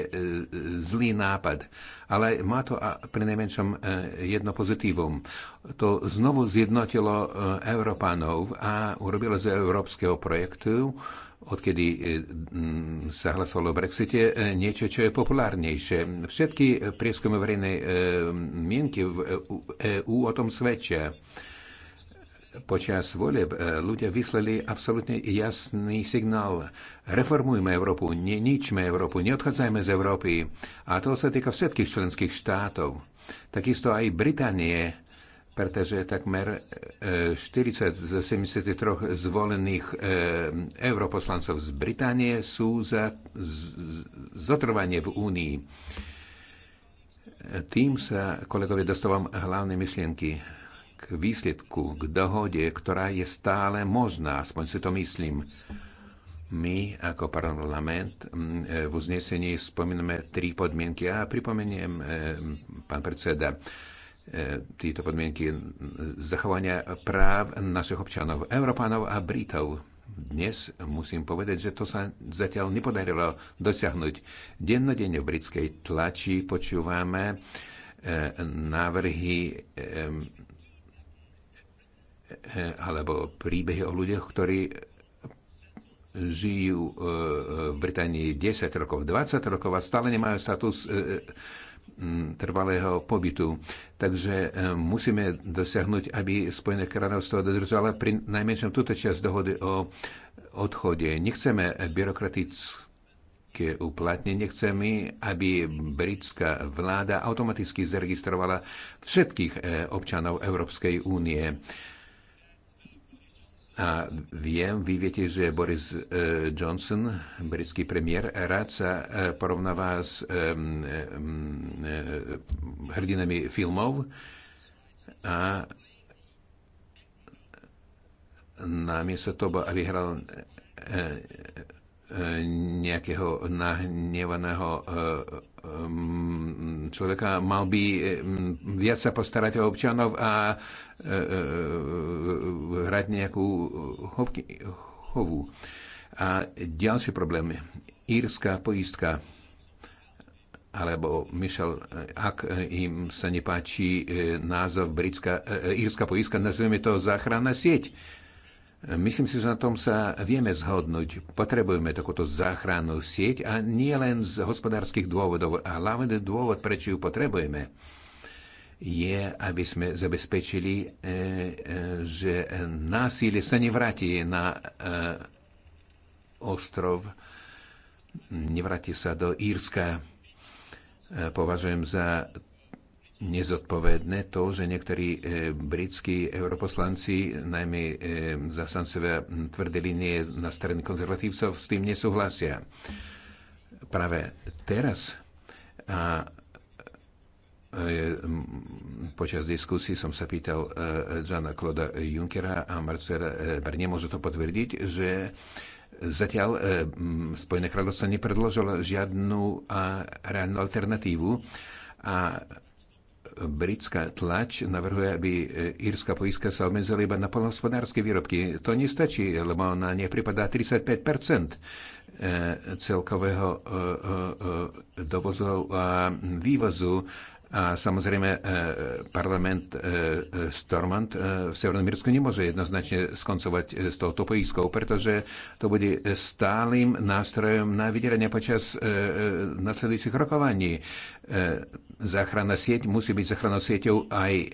A: zlý nápad, ale má to pri najmenšom jedno pozitívum. To znovu zjednotilo Európanov a urobilo z európskeho projektu odkedy e, sa hlasovalo o Brexite, e, niečo, čo je populárnejšie. Všetky prieskumy verejnej e, mienky v EU o tom svedčia. Počas volieb ľudia vyslali absolútne jasný signál. Reformujme Európu, neničme Európu, neodchádzajme z Európy. A to sa týka všetkých členských štátov. Takisto aj Británie pretože takmer 40 e, z 73 zvolených e, europoslancov z Británie sú za zotrvanie v Únii. Tým sa, kolegovia, dostávam hlavné myšlienky k výsledku, k dohode, ktorá je stále možná, aspoň si to myslím. My ako parlament e, v uznesení spomíname tri podmienky a ja pripomeniem, pán predseda, E, tieto podmienky zachovania práv našich občanov, Európanov a Britov. Dnes musím povedať, že to sa zatiaľ nepodarilo dosiahnuť. Dennodenne v britskej tlači počúvame e, návrhy e, alebo príbehy o ľuďoch, ktorí žijú v Británii 10 rokov, 20 rokov a stále nemajú status Mm, trvalého pobytu. Takže e, musíme dosiahnuť, aby Spojené kráľovstvo dodržalo pri najmenšom túto časť dohody o odchode. Nechceme byrokratické uplatnenie, chceme, aby britská vláda automaticky zaregistrovala všetkých e, občanov Európskej únie. A viem, vy viete, že Boris e, Johnson, britský premiér, rád sa e, porovnáva s e, hrdinami filmov a na miesto toho, aby hral nejakého nahnevaného Ehm, človeka mal by ehm, viac sa postarať o občanov a e, e, e, hrať nejakú hovky, hovu. A ďalšie problémy. Írska poistka alebo Michel, ak im sa nepáči názov britská, írska poiska, nazveme to záchranná sieť. Myslím si, že na tom sa vieme zhodnúť. Potrebujeme takúto záchrannú sieť a nie len z hospodárskych dôvodov. A hlavný dôvod, prečo ju potrebujeme, je, aby sme zabezpečili, e, e, že násilie sa nevráti na e, ostrov, nevráti sa do Írska. Považujem za nezodpovedné to, že niektorí e, britskí europoslanci, najmä e, zastancovia tvrdé linie na strany konzervatívcov, s tým nesúhlasia. Práve teraz a e, počas diskusí som sa pýtal Jana Kloda Junckera a Marcela Barnier, môže to potvrdiť, že Zatiaľ Spojené kráľovstvo nepredložilo žiadnu reálnu alternatívu a britská tlač navrhuje, aby e, írska poiska sa obmedzila iba na polnohospodárske výrobky. To nestačí, lebo ona nepripadá 35 e, celkového e, dovozu a vývozu a samozrejme, e, parlament e, e, Stormont v Severnom Irsku nemôže jednoznačne skoncovať s touto poiskou, pretože to bude stálym nástrojom na vydieranie počas nasledujúcich rokovaní. Záchranná sieť musí byť záchrannou sieťou aj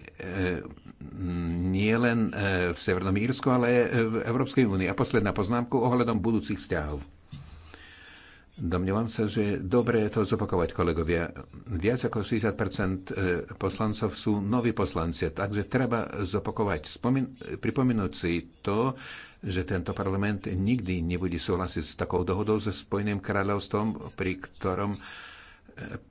A: nielen v Severnom Írsku, ale aj v Európskej únii. A posledná poznámka ohľadom budúcich vzťahov. Domnievam sa, že dobre je to zopakovať, kolegovia. Viac ako 60 e, poslancov sú noví poslanci, takže treba zopakovať, Spomin- pripomenúť si to, že tento parlament nikdy nebude súhlasiť s takou dohodou so Spojeným kráľovstvom, pri, ktorom,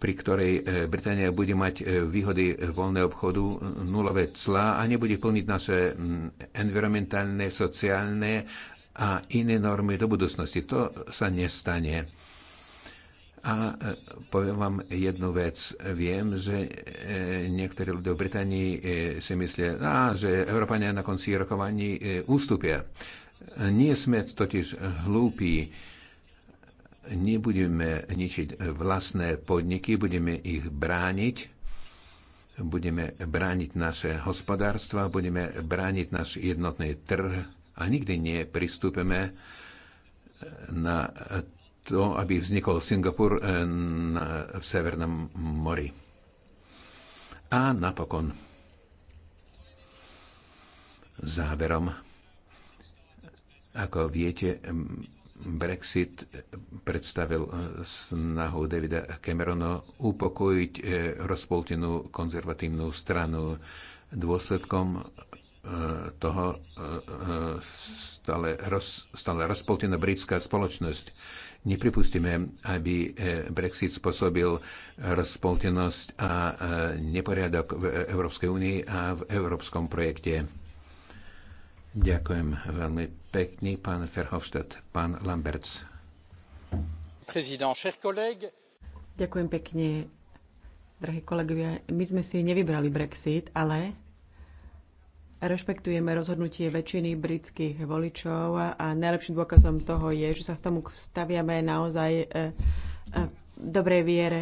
A: pri ktorej e, Británia bude mať e, výhody voľného obchodu, nulové clá a nebude plniť naše mm, environmentálne, sociálne a iné normy do budúcnosti. To sa nestane a e, poviem vám jednu vec. Viem, že e, niektorí ľudia v Británii e, si myslia, á, že Európania na konci rokovaní ústupia. Nie sme totiž hlúpi. Nebudeme ničiť vlastné podniky, budeme ich brániť budeme brániť naše hospodárstva, budeme brániť náš jednotný trh a nikdy nepristúpeme na to, aby vznikol Singapur eh, v Severnom mori. A napokon záverom, ako viete, Brexit predstavil eh, snahu Davida Camerona upokojiť eh, rozpoltenú konzervatívnu stranu. Dôsledkom toho stále, roz, stále rozpoltená britská spoločnosť. Nepripustíme, aby e, Brexit spôsobil rozpoltenosť a e, neporiadok v e, Európskej únii a v európskom projekte. Ďakujem veľmi pekne, pán Ferhofstadt, pán Lamberts.
C: Ďakujem pekne, drahí kolegovia. My sme si nevybrali Brexit, ale Rešpektujeme rozhodnutie väčšiny britských voličov a najlepším dôkazom toho je, že sa s tomu staviame naozaj e, e, dobrej viere.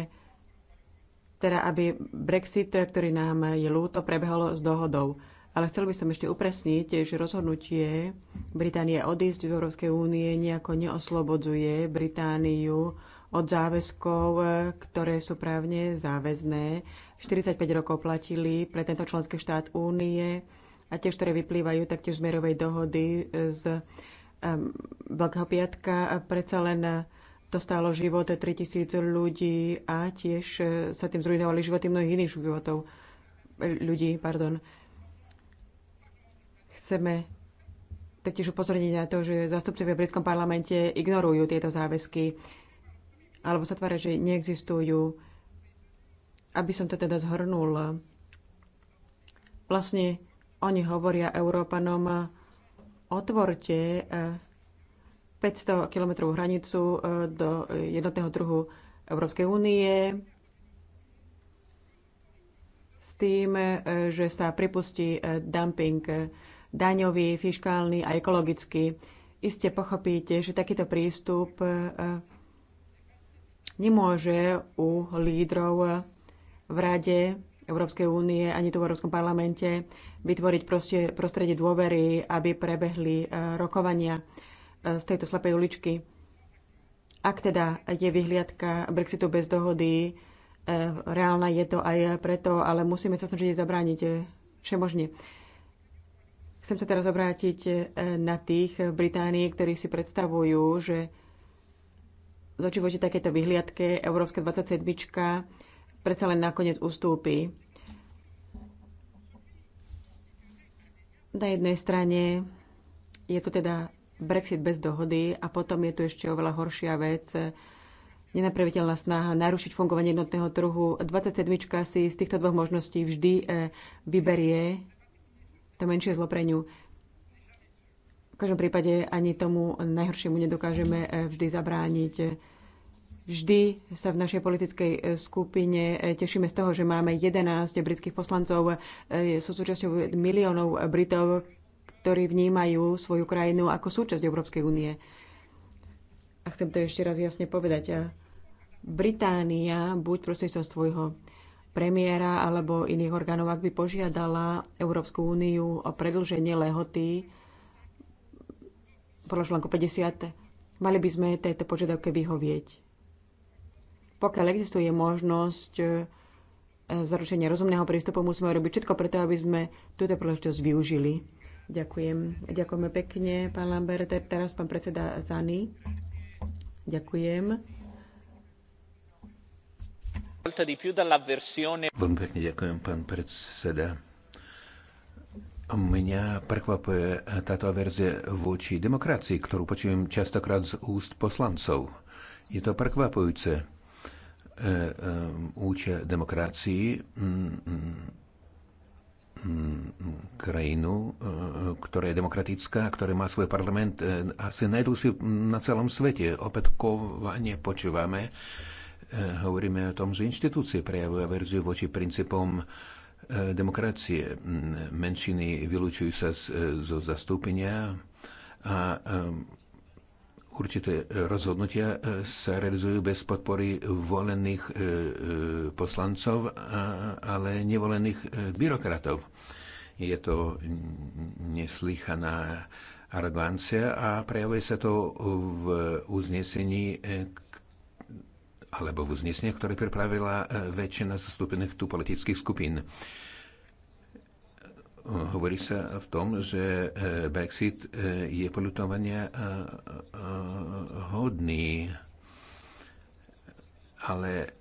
C: Teda, aby Brexit, ktorý nám je ľúto, prebehol s dohodou. Ale chcel by som ešte upresniť, že rozhodnutie Británie odísť z Európskej únie nejako neoslobodzuje Britániu od záväzkov, e, ktoré sú právne záväzné. 45 rokov platili pre tento členský štát únie a tiež, ktoré vyplývajú taktiež z mierovej dohody z um, Veľkého piatka. Predsa len e, to stálo život 3000 ľudí a tiež e, sa tým zrujnovali životy mnohých iných životov e, ľudí. Pardon. Chceme taktiež upozorniť na to, že zastupcovia v britskom parlamente ignorujú tieto záväzky alebo sa tvária, že neexistujú. Aby som to teda zhrnul, vlastne oni hovoria Európanom, otvorte 500 eh, kilometrovú hranicu eh, do jednotného druhu Európskej únie s tým, eh, že sa pripustí dumping daňový, fiskálny a ekologický. Iste pochopíte, že takýto prístup nemôže u lídrov v rade Európskej únie ani tu v Európskom parlamente vytvoriť proste, prostredie dôvery, aby prebehli e, rokovania e, z tejto slepej uličky. Ak teda je vyhliadka Brexitu bez dohody, e, reálna je to aj preto, ale musíme sa snažiť zabrániť všemožne. Chcem sa teraz obrátiť na tých v Británii, ktorí si predstavujú, že z takéto vyhliadke Európska 27 predsa len nakoniec ustúpi. Na jednej strane je to teda Brexit bez dohody a potom je tu ešte oveľa horšia vec, nenapraviteľná snaha narušiť fungovanie jednotného trhu. 27. si z týchto dvoch možností vždy e, vyberie to menšie zlo pre ňu. V každom prípade ani tomu najhoršiemu nedokážeme e, vždy zabrániť. Vždy sa v našej politickej e, skupine e, tešíme z toho, že máme 11 britských poslancov, e, sú súčasťou miliónov Britov, ktorí vnímajú svoju krajinu ako súčasť Európskej únie. A chcem to ešte raz jasne povedať. Británia buď prostredstvom svojho premiéra alebo iných orgánov, ak by požiadala Európsku úniu o predlženie lehoty podľa článku 50, mali by sme tejto požiadavke vyhovieť pokiaľ existuje možnosť e, zaručenia rozumného prístupu, musíme robiť všetko preto, aby sme túto príležitosť využili. Ďakujem. Ďakujeme pekne, pán Lambert. Teraz pán predseda Zany. Ďakujem.
A: Veľmi pekne ďakujem, pán predseda. Mňa prekvapuje táto averzia voči demokracii, ktorú počujem častokrát z úst poslancov. Je to prekvapujúce učia e, e, demokracii krajinu, e, ktorá je demokratická, ktorá má svoj parlament asi najdlhší na celom svete. Opätkovane počúvame, hovoríme o tom, že inštitúcie prejavujú averziu voči princípom demokracie. Menšiny vylúčujú sa zo zastúpenia a určité e, rozhodnutia e, sa realizujú bez podpory volených e, poslancov, ale nevolených byrokratov. Je to neslychaná arogancia a prejavuje sa to v uznesení alebo v uznesení, ktoré pripravila väčšina zastúpených tu politických skupín. Hovorí sa v tom, že e, Brexit e, je polutovania e, hodný, ale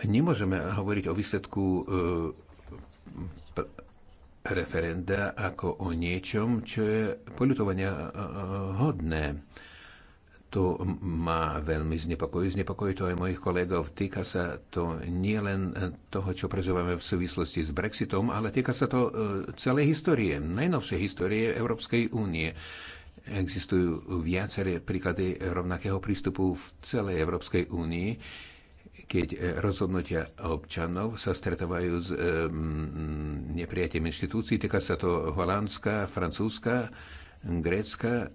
A: nemôžeme hovoriť o výsledku referenda ako o niečom, čo je polutovania hodné to ma veľmi znepokojí. Znepokojí to aj mojich kolegov. Týka sa to nielen toho, čo prežívame v súvislosti s Brexitom, ale týka sa to e, celej histórie, najnovšej histórie Európskej únie. Existujú viaceré príklady rovnakého prístupu v celej Európskej únii, keď e, rozhodnutia občanov sa stretávajú s um, e, nepriatím inštitúcií. Týka sa to Holandska, Francúzska, Grécka,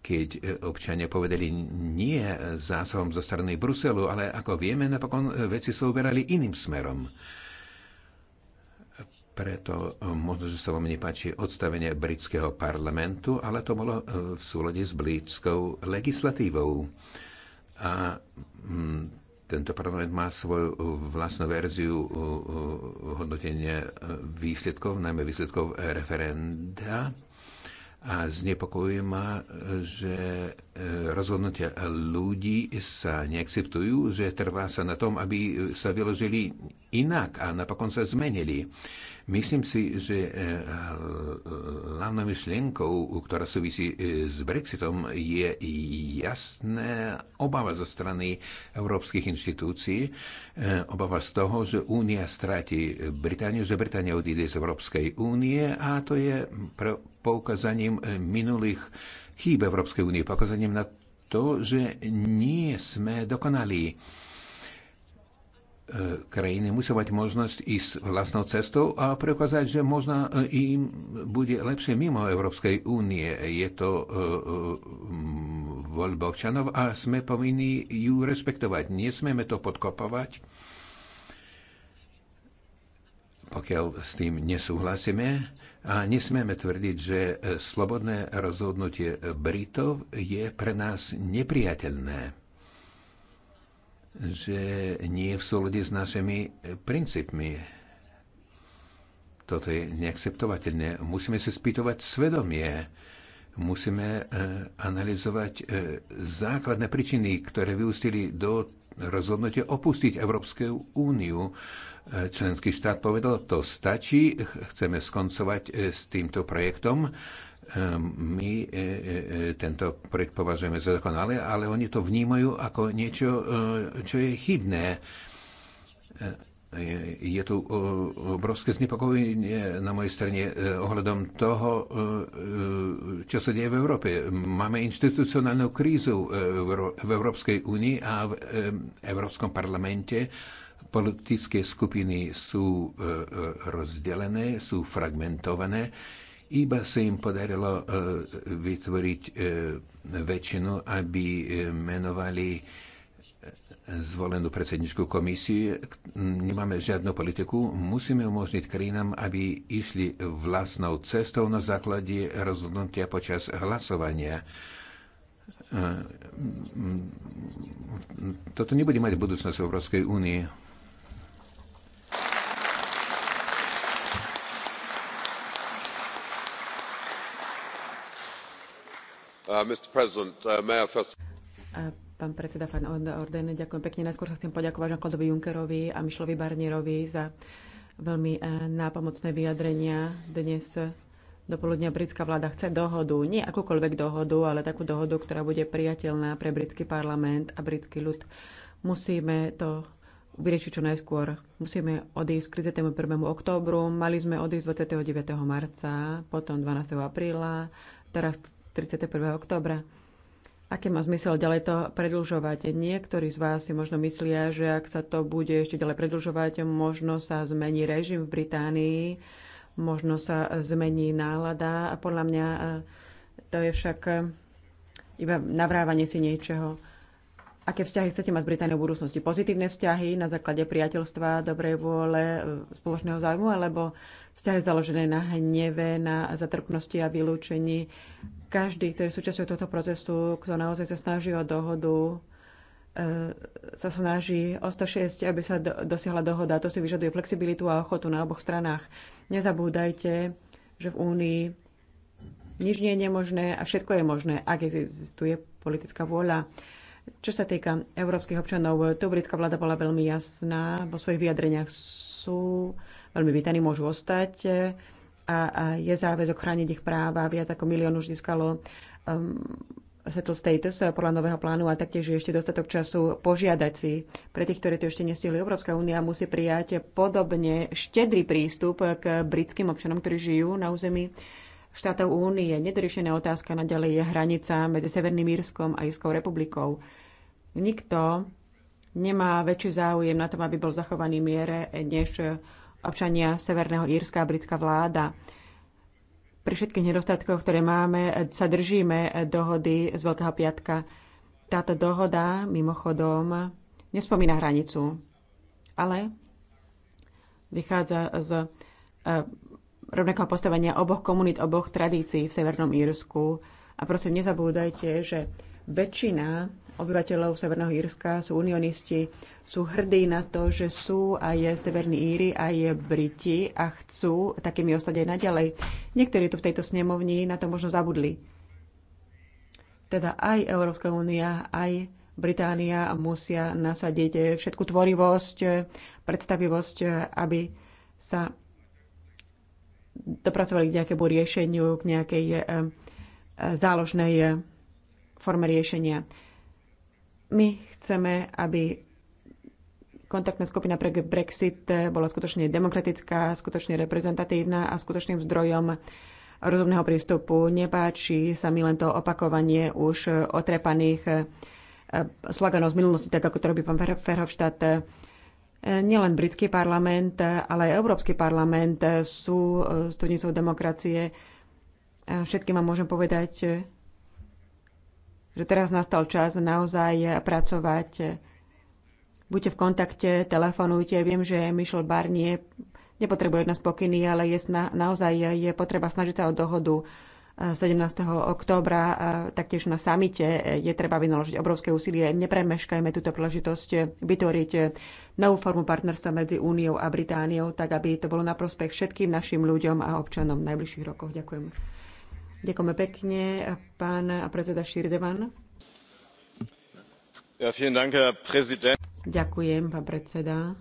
A: keď občania povedali nie zásahom zo strany Bruselu, ale ako vieme, napokon veci sa uberali iným smerom. Preto možno, že sa vám nepáči odstavenie britského parlamentu, ale to bolo e, v súlade s britskou legislatívou. A mm, tento parlament má svoju vlastnú verziu e, e, hodnotenia výsledkov, najmä výsledkov referenda. A znepokojuje ma, že e, rozhodnutia ľudí sa neakceptujú, že trvá sa na tom, aby sa vyložili inak a napokon sa zmenili. Myslím si, že e, hlavnou myšlienkou, ktorá súvisí e, s Brexitom, je jasná obava zo strany európskych inštitúcií, obava z toho, že Únia stráti Britániu, že Británia odíde z Európskej únie a to je pre poukazaním eh, minulých chýb Európskej únie, poukazaním na to, že nie sme dokonali. Eh, krajiny musia mať možnosť ísť vlastnou cestou a preukázať, že možno eh, im bude lepšie mimo Európskej únie. Je to voľba občanov a sme povinni ju rešpektovať. Nesmieme to podkopovať. Pokiaľ s tým nesúhlasíme, a nesmieme tvrdiť, že e, slobodné rozhodnutie Britov je pre nás nepriateľné, že nie je v súlade s našimi e, princípmi. Toto je neakceptovateľné. Musíme sa spýtovať svedomie. Musíme e, analyzovať základné príčiny, ktoré vyústili do rozhodnutia opustiť Európsku úniu členský štát povedal, to stačí, chceme skoncovať e, s týmto projektom. E, my e, tento projekt považujeme za dokonalé, ale oni to vnímajú ako niečo, čo je chybné. Je tu obrovské znepokojenie na mojej strane ohľadom toho, čo sa deje v Európe. Máme inštitucionálnu krízu v Európskej únii a v Európskom parlamente Politické skupiny sú e, e, rozdelené, sú fragmentované. Iba sa im podarilo e, vytvoriť väčšinu, aby menovali zvolenú predsedničku komisie. Nemáme žiadnu politiku. Musíme umožniť krajinám, aby išli vlastnou cestou na základe rozhodnutia počas hlasovania. Toto nebude mať budúcnosť Európskej únii. Uh, uh,
C: pán predseda van Orden, ďakujem pekne. Najskôr sa chcem poďakovať Jean-Claude Junckerovi a Mišlovi Barnierovi za veľmi e, nápomocné vyjadrenia dnes dopoludnia britská vláda chce dohodu, nie akúkoľvek dohodu, ale takú dohodu, ktorá bude priateľná pre britský parlament a britský ľud. Musíme to vyriešiť čo najskôr. Musíme odísť k 31. októbru, mali sme odísť 29. marca, potom 12. apríla, teraz 31. oktobra. Aké má zmysel ďalej to predlžovať? Niektorí z vás si možno myslia, že ak sa to bude ešte ďalej predlžovať, možno sa zmení režim v Británii, možno sa zmení nálada a podľa mňa eh, to je však eh, iba navrávanie si niečoho aké vzťahy chcete mať s Britániou v budúcnosti. Pozitívne vzťahy na základe priateľstva, dobrej vôle, e, spoločného záujmu, alebo vzťahy založené na hneve, na zatrpnosti a vylúčení. Každý, ktorý je súčasťou tohto procesu, kto naozaj sa snaží o dohodu, e, sa snaží o 106, aby sa dosiahla dohoda. To si vyžaduje flexibilitu a ochotu na oboch stranách. Nezabúdajte, že v Únii nič nie je nemožné a všetko je možné, ak existuje politická vôľa. Čo sa týka európskych občanov, tu britská vláda bola veľmi jasná. Vo svojich vyjadreniach sú veľmi vítaní, môžu ostať e, a, a je záväzok chrániť ich práva. Viac ako milión už získalo um, settled status e, podľa nového plánu a taktiež je ešte dostatok času požiadať si. Pre tých, ktorí to ešte nestihli, Európska únia musí prijať podobne štedrý prístup k britským občanom, ktorí žijú na území štátov únie. Nedoriešená otázka naďalej je hranica medzi Severným Írskom a Írskou republikou. Nikto nemá väčší záujem na tom, aby bol zachovaný miere, než občania Severného Írska a britská vláda. Pri všetkých nedostatkoch, ktoré máme, sa držíme dohody z Veľkého piatka. Táto dohoda, mimochodom, nespomína hranicu, ale vychádza z eh, rovnakého postavenia oboch komunít, oboch tradícií v Severnom Írsku. A prosím, nezabúdajte, že väčšina obyvateľov Severného Írska sú unionisti, sú hrdí na to, že sú aj Severní Íry, aj Briti a chcú takými ostať aj naďalej. Niektorí tu v tejto snemovni na to možno zabudli. Teda aj Európska únia, aj Británia musia nasadiť všetku tvorivosť, predstavivosť, aby sa dopracovali k nejakému riešeniu, k nejakej eh, eh, záložnej eh, forme riešenia. My chceme, aby kontaktná skupina pre Brexit bola skutočne demokratická, skutočne reprezentatívna a skutočným zdrojom rozumného prístupu. Nepáči sa mi len to opakovanie už otrepaných sloganov z minulosti, tak ako to robí pán Verhofstadt nielen britský parlament, ale aj Európsky parlament sú eh, studnicou demokracie. Všetkým vám môžem povedať, že teraz nastal čas naozaj pracovať. Buďte v kontakte, telefonujte. Viem, že Michel Barnier nepotrebuje od nás pokyny, ale je naozaj je potreba snažiť sa o dohodu 17. októbra, taktiež na samite, je treba vynaložiť obrovské úsilie. Nepremeškajme túto príležitosť vytvoriť novú formu partnerstva medzi Úniou a Britániou, tak aby to bolo na prospech všetkým našim ľuďom a občanom v najbližších rokoch. Ďakujem. Ďakujeme pekne, pán predseda Širdevan. Ja, Dank, Ďakujem, pán predseda.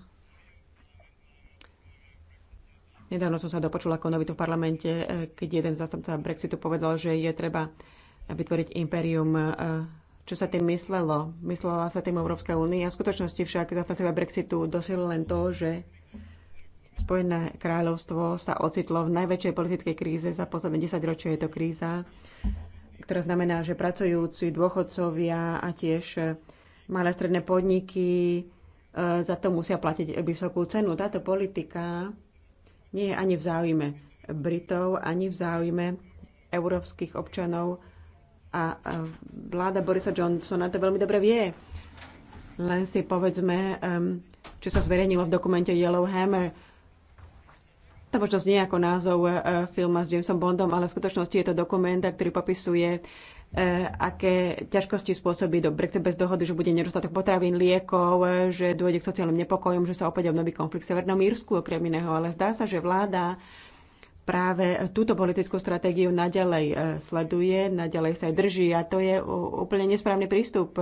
C: Nedávno som sa dopočula konovitu v parlamente, eh, keď jeden zástupca Brexitu povedal, že je treba vytvoriť imperium. Eh, čo sa tým myslelo? Myslela sa tým Európska únia. V skutočnosti však zástupca Brexitu dosiahli len to, že Spojené kráľovstvo sa ocitlo v najväčšej politickej kríze za posledné 10 ročia. Je to kríza, ktorá znamená, že pracujúci dôchodcovia a tiež eh, malé stredné podniky za to musia platiť vysokú cenu. Táto politika nie je ani v záujme Britov, ani v záujme európskych občanov. A vláda Borisa Johnsona to veľmi dobre vie. Len si povedzme, čo sa zverejnilo v dokumente Yellow Hammer. To možno znie ako názov eh, filma s Jamesom Bondom, ale v skutočnosti je to dokument, ktorý popisuje Eh, aké ťažkosti spôsobí do Brexit bez dohody, že bude nedostatok potravín, liekov, eh, že dôjde k sociálnym nepokojom, že sa opäť obnoví konflikt v Severnom Írsku okrem iného. Ale zdá sa, že vláda práve túto politickú stratégiu naďalej eh, sleduje, naďalej sa aj drží a to je úplne nesprávny prístup.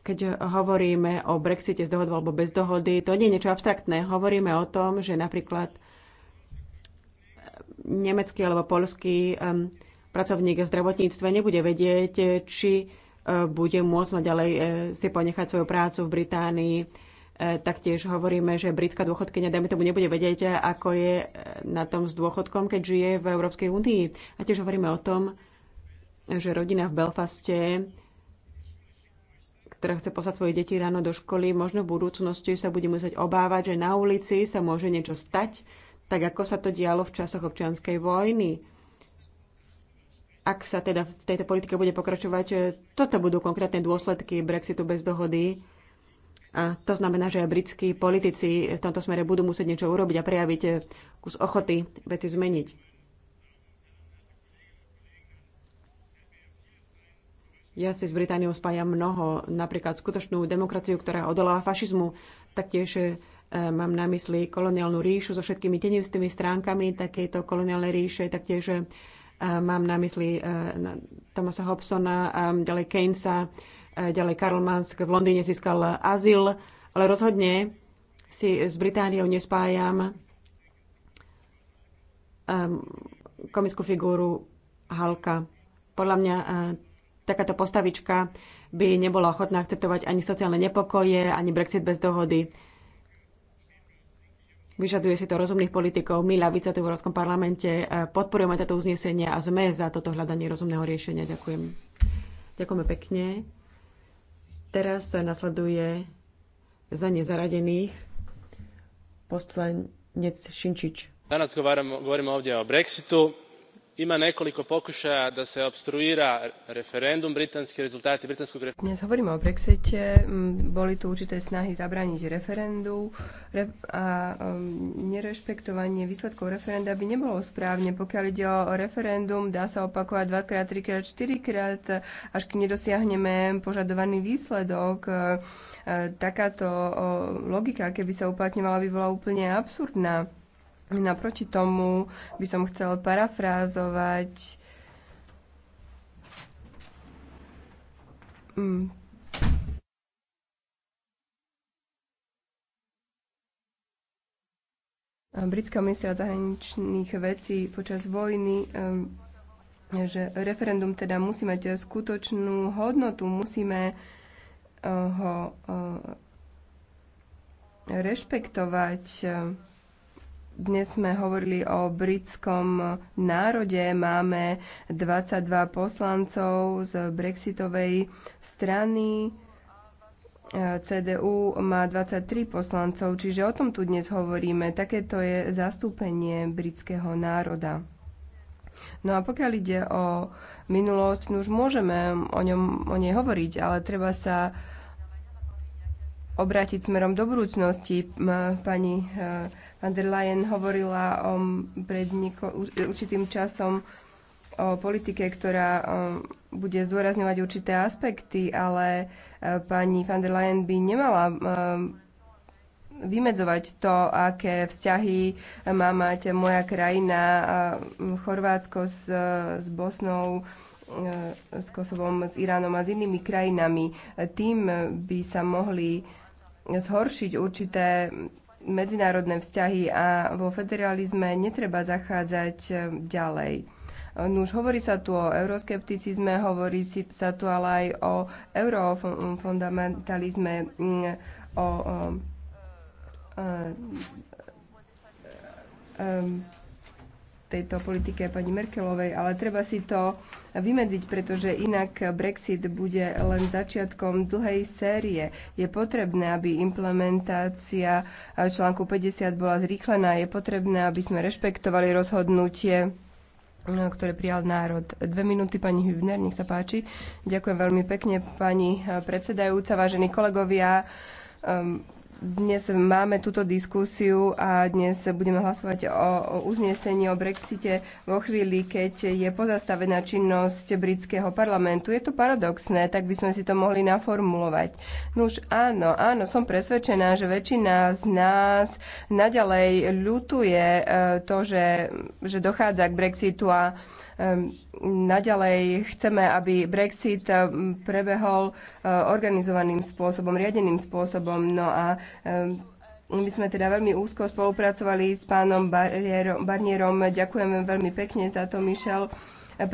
C: Keď hovoríme o Brexite z dohody alebo bez dohody, to nie je niečo abstraktné. Hovoríme o tom, že napríklad nemecký alebo polský um, pracovník v zdravotníctve nebude vedieť, či e, bude môcť naďalej e, si ponechať svoju prácu v Británii. E, taktiež hovoríme, že britská dôchodkynia, dajme tomu, nebude vedieť, ako je na tom s dôchodkom, keď žije v Európskej únii. A tiež hovoríme o tom, že rodina v Belfaste, ktorá chce poslať svoje deti ráno do školy, možno v budúcnosti sa bude musieť obávať, že na ulici sa môže niečo stať, tak ako sa to dialo v časoch občianskej vojny ak sa teda v tejto politike bude pokračovať, e, toto budú konkrétne dôsledky Brexitu bez dohody. A to znamená, že aj britskí politici v tomto smere budú musieť niečo urobiť a prejaviť e, kus ochoty veci zmeniť. Ja si s Britániou spájam mnoho, napríklad skutočnú demokraciu, ktorá odoláva fašizmu, taktiež e, mám na mysli koloniálnu ríšu so všetkými tenivstými stránkami takejto koloniálnej ríše, taktiež Mám na mysli e, Thomasa Hobsona, ďalej Keynesa, e, ďalej Karl Mansk v Londýne získal azyl, ale rozhodne si s Britániou nespájam ehm, komickú figúru Halka. Podľa mňa e, takáto postavička by nebola ochotná akceptovať ani sociálne nepokoje, ani Brexit bez dohody. Vyžaduje si to rozumných politikov. My, ľavica tu v Európskom parlamente, eh, podporujeme toto uznesenie a sme za toto hľadanie rozumného riešenia. Ďakujem. Ďakujeme pekne. Teraz sa nasleduje za nezaradených poslanec Šinčič.
B: Danas govorimo ovdje o Brexitu ima nekoliko pokušaja da se opstruira referendum britanski rezultati britanskog Dnes hovoríme o Brexite, boli tu určité snahy zabrániť referendu a nerešpektovanie výsledkov referenda by nebolo správne. Pokiaľ ide o referendum, dá sa opakovať dvakrát, trikrát, štyrikrát, až kým nedosiahneme požadovaný výsledok. E, e, takáto logika, keby sa uplatňovala, by bola úplne absurdná. Naproti tomu by som chcel parafrázovať mm. britského ministra zahraničných vecí počas vojny, ehm, že referendum teda musí mať skutočnú hodnotu, musíme eh, ho eh, rešpektovať. Eh, dnes sme hovorili o britskom národe. Máme 22 poslancov z brexitovej strany. E, CDU má 23 poslancov, čiže o tom tu dnes hovoríme. Takéto je zastúpenie britského národa. No a pokiaľ ide o minulosť, no už môžeme o, ňom, o nej hovoriť, ale treba sa obrátiť smerom do budúcnosti. Pani e, von der Leyen hovorila o pred nieko, určitým časom o politike, ktorá um, bude zdôrazňovať určité aspekty, ale uh, pani von der Leyen by nemala um, vymedzovať to, aké vzťahy má mať moja krajina, um, Chorvátsko s, uh, s Bosnou, uh, s Kosovom, s Iránom a s inými krajinami. Tým by sa mohli zhoršiť určité medzinárodné vzťahy a vo federalizme netreba zachádzať eh, ďalej. No už hovorí sa tu o euroskepticizme, hovorí sa tu ale aj o eurofundamentalizme, mm, o, o, o, o o tejto politike pani Merkelovej, ale treba si to vymedziť, pretože inak Brexit bude len začiatkom dlhej série. Je potrebné, aby implementácia eh, článku 50 bola zrýchlená, je potrebné, aby sme rešpektovali rozhodnutie eh, ktoré prijal národ. Dve minúty, pani Hübner, nech sa páči. Ďakujem veľmi pekne, pani eh, predsedajúca, vážení kolegovia. Um, dnes máme túto diskusiu a dnes budeme hlasovať o, o uznesení o Brexite vo chvíli, keď je pozastavená činnosť britského parlamentu. Je to paradoxné, tak by sme si to mohli naformulovať. No už áno, áno, som presvedčená, že väčšina z nás naďalej ľutuje e, to, že, že dochádza k Brexitu a Ehm, naďalej chceme, aby Brexit ehm, prebehol ehm, organizovaným spôsobom, riadeným spôsobom. No a my sme teda veľmi úzko spolupracovali s pánom Barnierom. Ďakujem veľmi pekne za to, Michel.